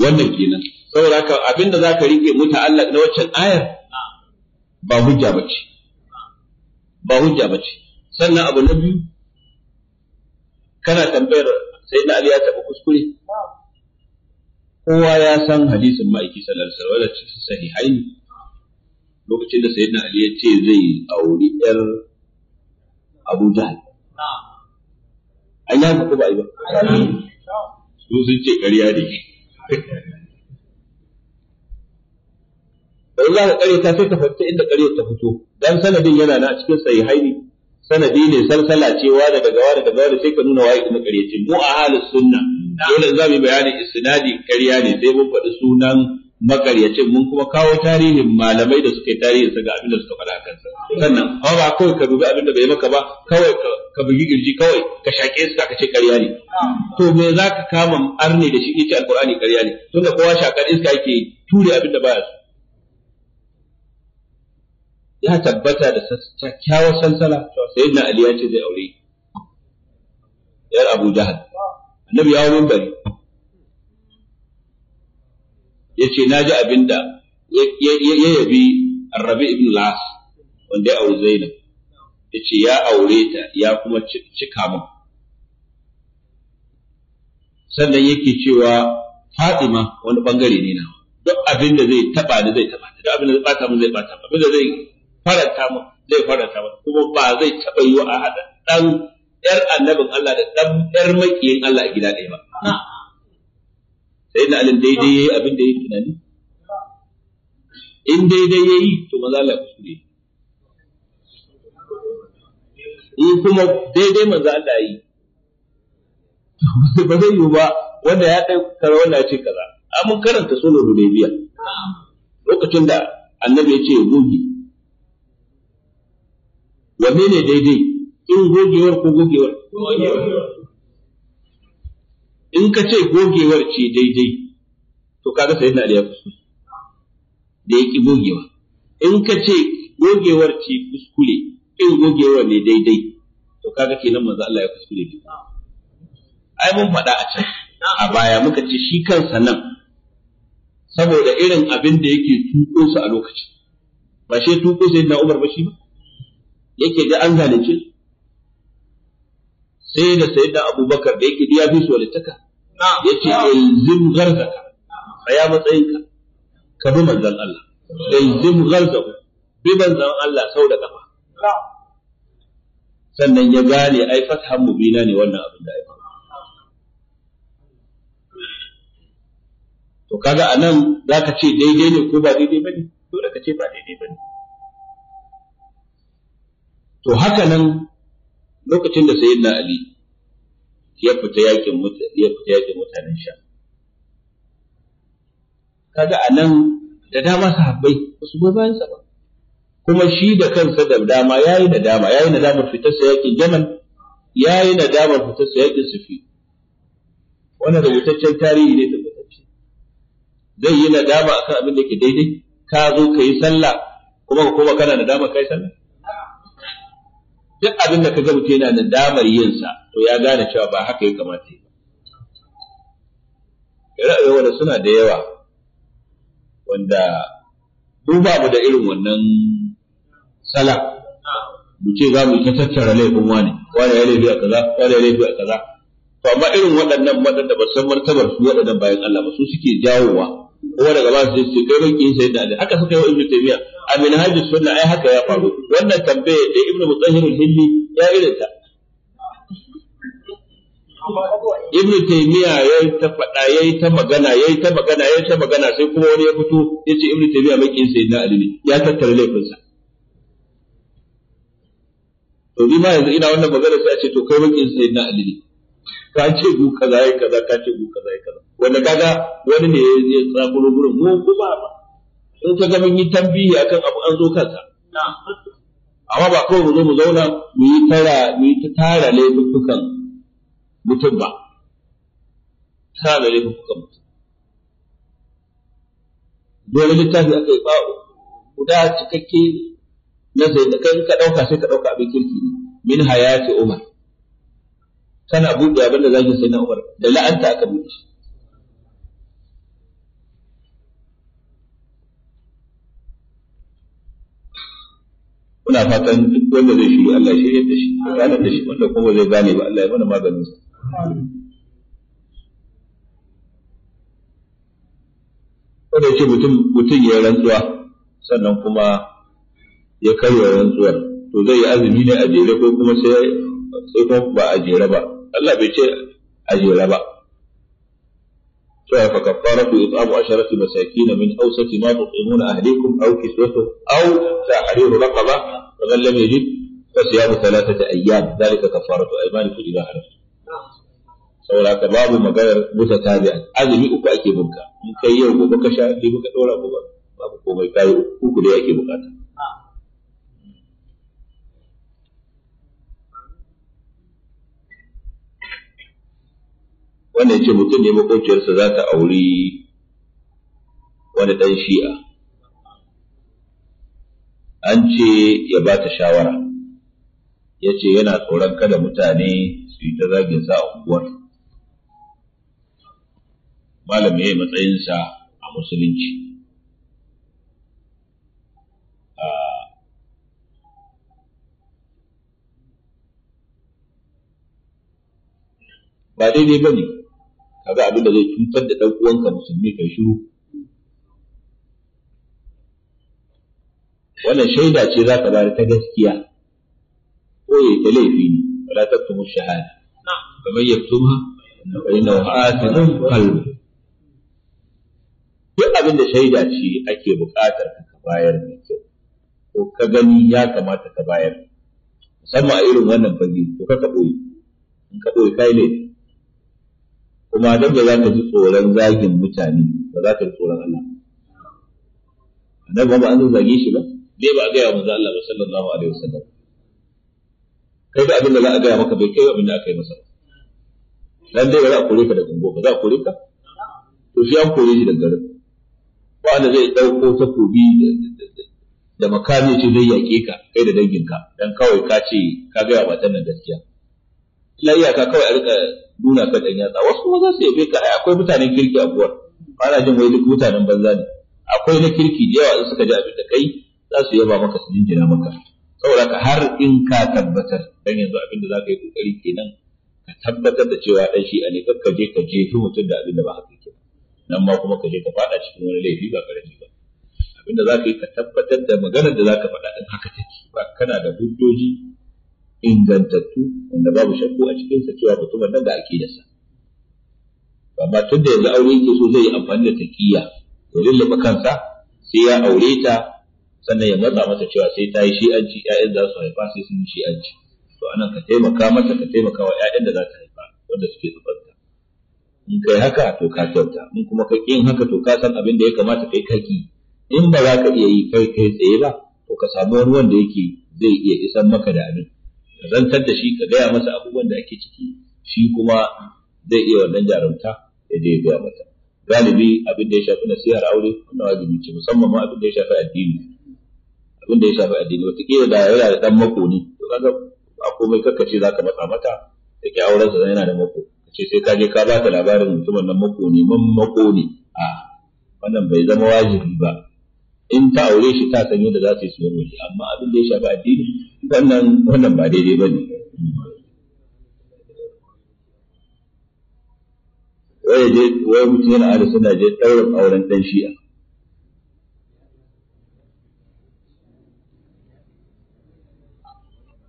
wannan kenan saboda haka abinda zaka rike Allah na waccan ayar ba hujja bace ba hujja bace sannan abu na biyu kana tambayar sai da Ali ya kuskure kowa ya san hadisin ma'aiki sallallahu ce su sahi haini, lokacin da sayyidina ali ya ce zai auri yar abu jahal an ya ko ba yi ba su sun ce ƙarya ne in za ka ƙare ta sai ta fahimci inda ƙarya ta fito dan sanadin yana na cikin haini, sanadi ne salsala cewa da daga gawa daga da sai ka nuna waye kuma ƙarya mu a halin sunna dole za mu bayanin isnadi ƙarya ne sai mun faɗi sunan makaryacin mun kuma kawo tarihin malamai da suke tarihin ga abin da suka faɗa a kansa sannan ba ba kawai ka dubi abin da bai maka ba kawai ka bugi girji kawai ka shaƙe su ka ce ƙarya ne to me za ka kama arne da shi ita alƙur'ani ƙarya ne tunda kowa shakar iska yake ture abin da baya so ya tabbata da kyakkyawar sansala to sai na ali ya ce zai aure yar abu jahal annabi ya wurin bari ya ce na ji abin da ya yabi rabi ibn las wanda ya auri zainab ya ce ya aure ta ya kuma cika min sannan yake cewa fatima wani bangare ne na. duk abin da zai taba ni zai taba duk abin da zai bata min zai bata abin da zai faranta min zai faranta min kuma ba zai taba yi wa a hada dan ‘yar annabin Allah da ɗan ‘yar makiyin Allah a gida ɗaya ba. Sai da alin daidai ya yi abin da ya yi tunani. In daidai ya yi, to maza Allah kuskure. In kuma daidai maza Allah yi, ba zai yiwu ba wanda ya ɗai kara wanda ya ce kaza. mun karanta sunan Hudaybiya. Lokacin da annabi ya ce ya goge. Wanne ne daidai? in gogewar ko gogewar in ka ce gogewar ce daidai to kaga sai na aliya da da yake gogewa in ka ce gogewar ce kuskure in gogewar ne daidai to kaga kenan manzo Allah ya kuskure ne ai mun faɗa a can a baya muka ce shi kansa nan saboda irin abin da yake tuko su a lokaci. ba shi tuko sai na Umar ba shi ba yake da an zalunce sai da sayyidina abubakar da yake biya fi su walittaka ya ce ilzim garzaka tsaya matsayinka ka bi manzan Allah ilzim garzaka bi manzan Allah sau da kafa sannan ya gane ai fathan mubina ne wannan abin da ya ai to kaga anan zaka ce daidai ne ko ba daidai bane da ka ce ba daidai bane to haka nan lokacin da sayyidina ali ya fita yakin ya fita yakin mutanen sha kaga anan da dama sahabbai su ba bayan sa ba kuma shi da kansa da dama yayi da dama yayi da dama fitar sa yakin jamal yayi da dama fitar sa yakin sufi wannan rubutaccen tarihi ne da tabbatacce zai yi nadama akan abin da yake daidai ka zo ka yi sallah kuma ka koma kana ka kai sallah duk abin da ka ga mutum yana nadamar yin sa to ya gane cewa ba haka ya kamata yi ra'ayoyi wanda suna da yawa wanda duba mu da irin wannan sala mu ce za mu ta tattara laifin wani wani ya laifi a kaza wani ya laifi a kaza to amma irin waɗannan waɗanda ba san martabar su waɗannan bayan Allah ba su suke jawowa kuma daga ba su ce kai roƙi sai da haka suka yi wa ibnu taymiya a minhajus sunna ai haka ya faru wannan tambaye da ibnu mutahhir hilli ya irin ta Ibn taymiya ya ta faɗa ya yi ta magana ya yi ta magana ya yi ta magana sai kuma wani ya fito ya ce Ibn taymiya mai kin sayyidina ali ne ya tattara laifinsa to ni ma yanzu ina wannan magana sai a ce to kai mai kin sayyidina ali ne ka ce gu kaza yi kaza ka ce gu kaza yi kaza wanda kaga wani ne ya tsakuro gurin mu kuma ba in ka ga mun yi tambihi akan abu an zo kansa amma ba kawai mu zo mu zauna mu yi tara mu yi ta tara laifukan mutum ba tara laifukan mutum dole littafi aka yi ba'u guda cikakke na sai da kai ka dauka sai ka dauka abin kirki min hayati umar kana buɗe abin da zaki sai na Umar da la'anta aka buɗe shi muna fatan duk wanda zai shiri Allah ya shirya da shi ya gane da shi wanda kuma zai gane ba Allah ya mana maganin sa wanda ce mutum mutum ya rantsuwa sannan kuma ya karya rantsuwar to zai yi azumi ne a jere ko kuma sai sai kuma ba a jere ba Allah bai ce a jera ba to ya fa kafaratu it'amu asharati masakin min awsati ma tu'imuna ahlikum aw kiswatuhum aw tahriru raqaba fa man lam yajid fa siyamu Ta ayyam dhalika kafaratu aymanikum idha halaftum saboda haka babu maganar ta mutatabi'an azumi uku ake bunka in kai yau gobe ka sha gobe ka dora gobe babu komai kayi uku dai ake bukata ya ce mutum ne makociyarsa za ta auri wani ɗan shi'a an ce ya ba ta shawara ya ce yana tsoron kada mutane su yi ta zagin sa a unguwar malam ya yi matsayinsa a musulunci ba daidai ba ne kaga abin da zai cutar da ɗan uwanka musulmi kai shiru wannan shaida ce za ka bari ta gaskiya ko ya ta laifi ne wala taktumu shahada kamar yaktuma fa innahu asimun qalbu duk abin da shaida ce ake buƙatar ka bayar mai kyau ko ka gani ya kamata ka bayar musamman a irin wannan fage ko ka ka ɓoye in ka ɓoye kai laifi kuma don ba za ka ji tsoron zagin mutane ba za ka ji tsoron Allah annabi ba an zage shi ba dai ba a gaya manzo Allah ba sallallahu alaihi wasallam kai da abin da za a gaya maka bai kai abin da aka yi masa dan dai ba za a kore ka da gungo ba za a kore ka to shi an kore shi da garin ko da zai dauko takobi da makami ce zai yaƙe ka kai da danginka dan kawai ka ce ka gaya matan nan gaskiya illa iyaka kawai a rika nuna ka dan yatsa wasu kuma za su yabe ka ai akwai mutanen kirki a buwar na jin wai duk mutanen banza ne akwai na kirki da yawa in suka ji abin da kai za su yaba maka su jinjina maka saboda ka har in ka tabbatar dan yanzu abin da za ka yi kokari kenan ka tabbatar da cewa dan shi ne kakka je ka jefi mutum da abin da ba haka yake nan ma kuma ka je ka fada cikin wani laifi ba karami ba abin da za ka yi ka tabbatar da maganar da za ka faɗa din haka take ba kana da hujjoji ingantattu wanda babu shakku a cikinsa cewa mutumin nan ga aƙidarsa amma tun da yanzu aure yake so zai yi amfani da taƙiyya ya lullaba kansa sai ya aure ta sannan ya matsa mata cewa sai ta yi shi'anci ‘ya'yan za su haifa sai sun yi shi'anci to anan ka taimaka mata ka taimaka wa ‘ya'yan da za ta haifa wanda suke tsubanta in kai haka to ka kyauta in kuma ka ƙin haka to ka san abin da ya kamata kai kaki in ba za ka iya yi kai kai tsaye ba ko ka samu wani wanda yake zai iya isan maka da abin ka zantar da shi ka gaya masa abubuwan da ake ciki shi kuma zai iya wannan jarumta ya je ya gaya mata galibi abin da ya shafi nasihar aure wannan wajibi ce musamman ma abin da ya shafi addini abin da ya shafi addini kila da yana da ɗan makoni to kaga a komai kaka ce zaka matsa mata da ke sa yana da mako ka ce sai ka je ka ba ta labarin mutumin nan makoni man makoni a wannan bai zama wajibi ba in ta aure shi ta san yadda za su yi su yi amma abin da ya shafi addini wannan ba daidai ba ne wai je wai mutum yana ada suna je ɗaurin auren ɗan shi'a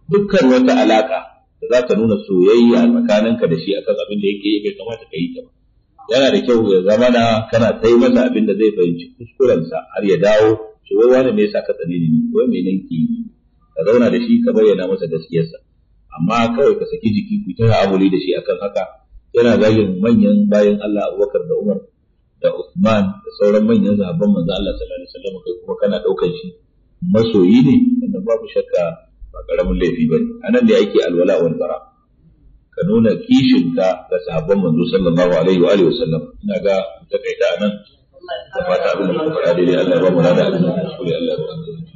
dukkan wata alaƙa da za ta nuna soyayya tsakaninka da shi akan abin da yake bai kamata ka yi ta ba yana da kyau ya zama na kana tai masa abin da zai fahimci kuskurensa har ya dawo shi wai wani me yasa ka tsane ni wai me nan ke ka zauna da shi ka bayyana masa gaskiyarsa amma kawai ka saki jiki ku ta amuli da shi akan haka yana zagin manyan bayan Allah Abubakar da Umar da Uthman da sauran manyan zaben manzo Allah sallallahu alaihi wasallam kai kuma kana daukar shi masoyi ne wanda babu shakka ba karamin laifi bane anan ne ake alwala wal bara' ka nuna kishinka ga sahabban manzo sallallahu alaihi wa alihi wasallam ina ga takaita nan da fata abin da kuka faɗa daidai Allah ya ba mu nada abin da kuka Allah ya ba mu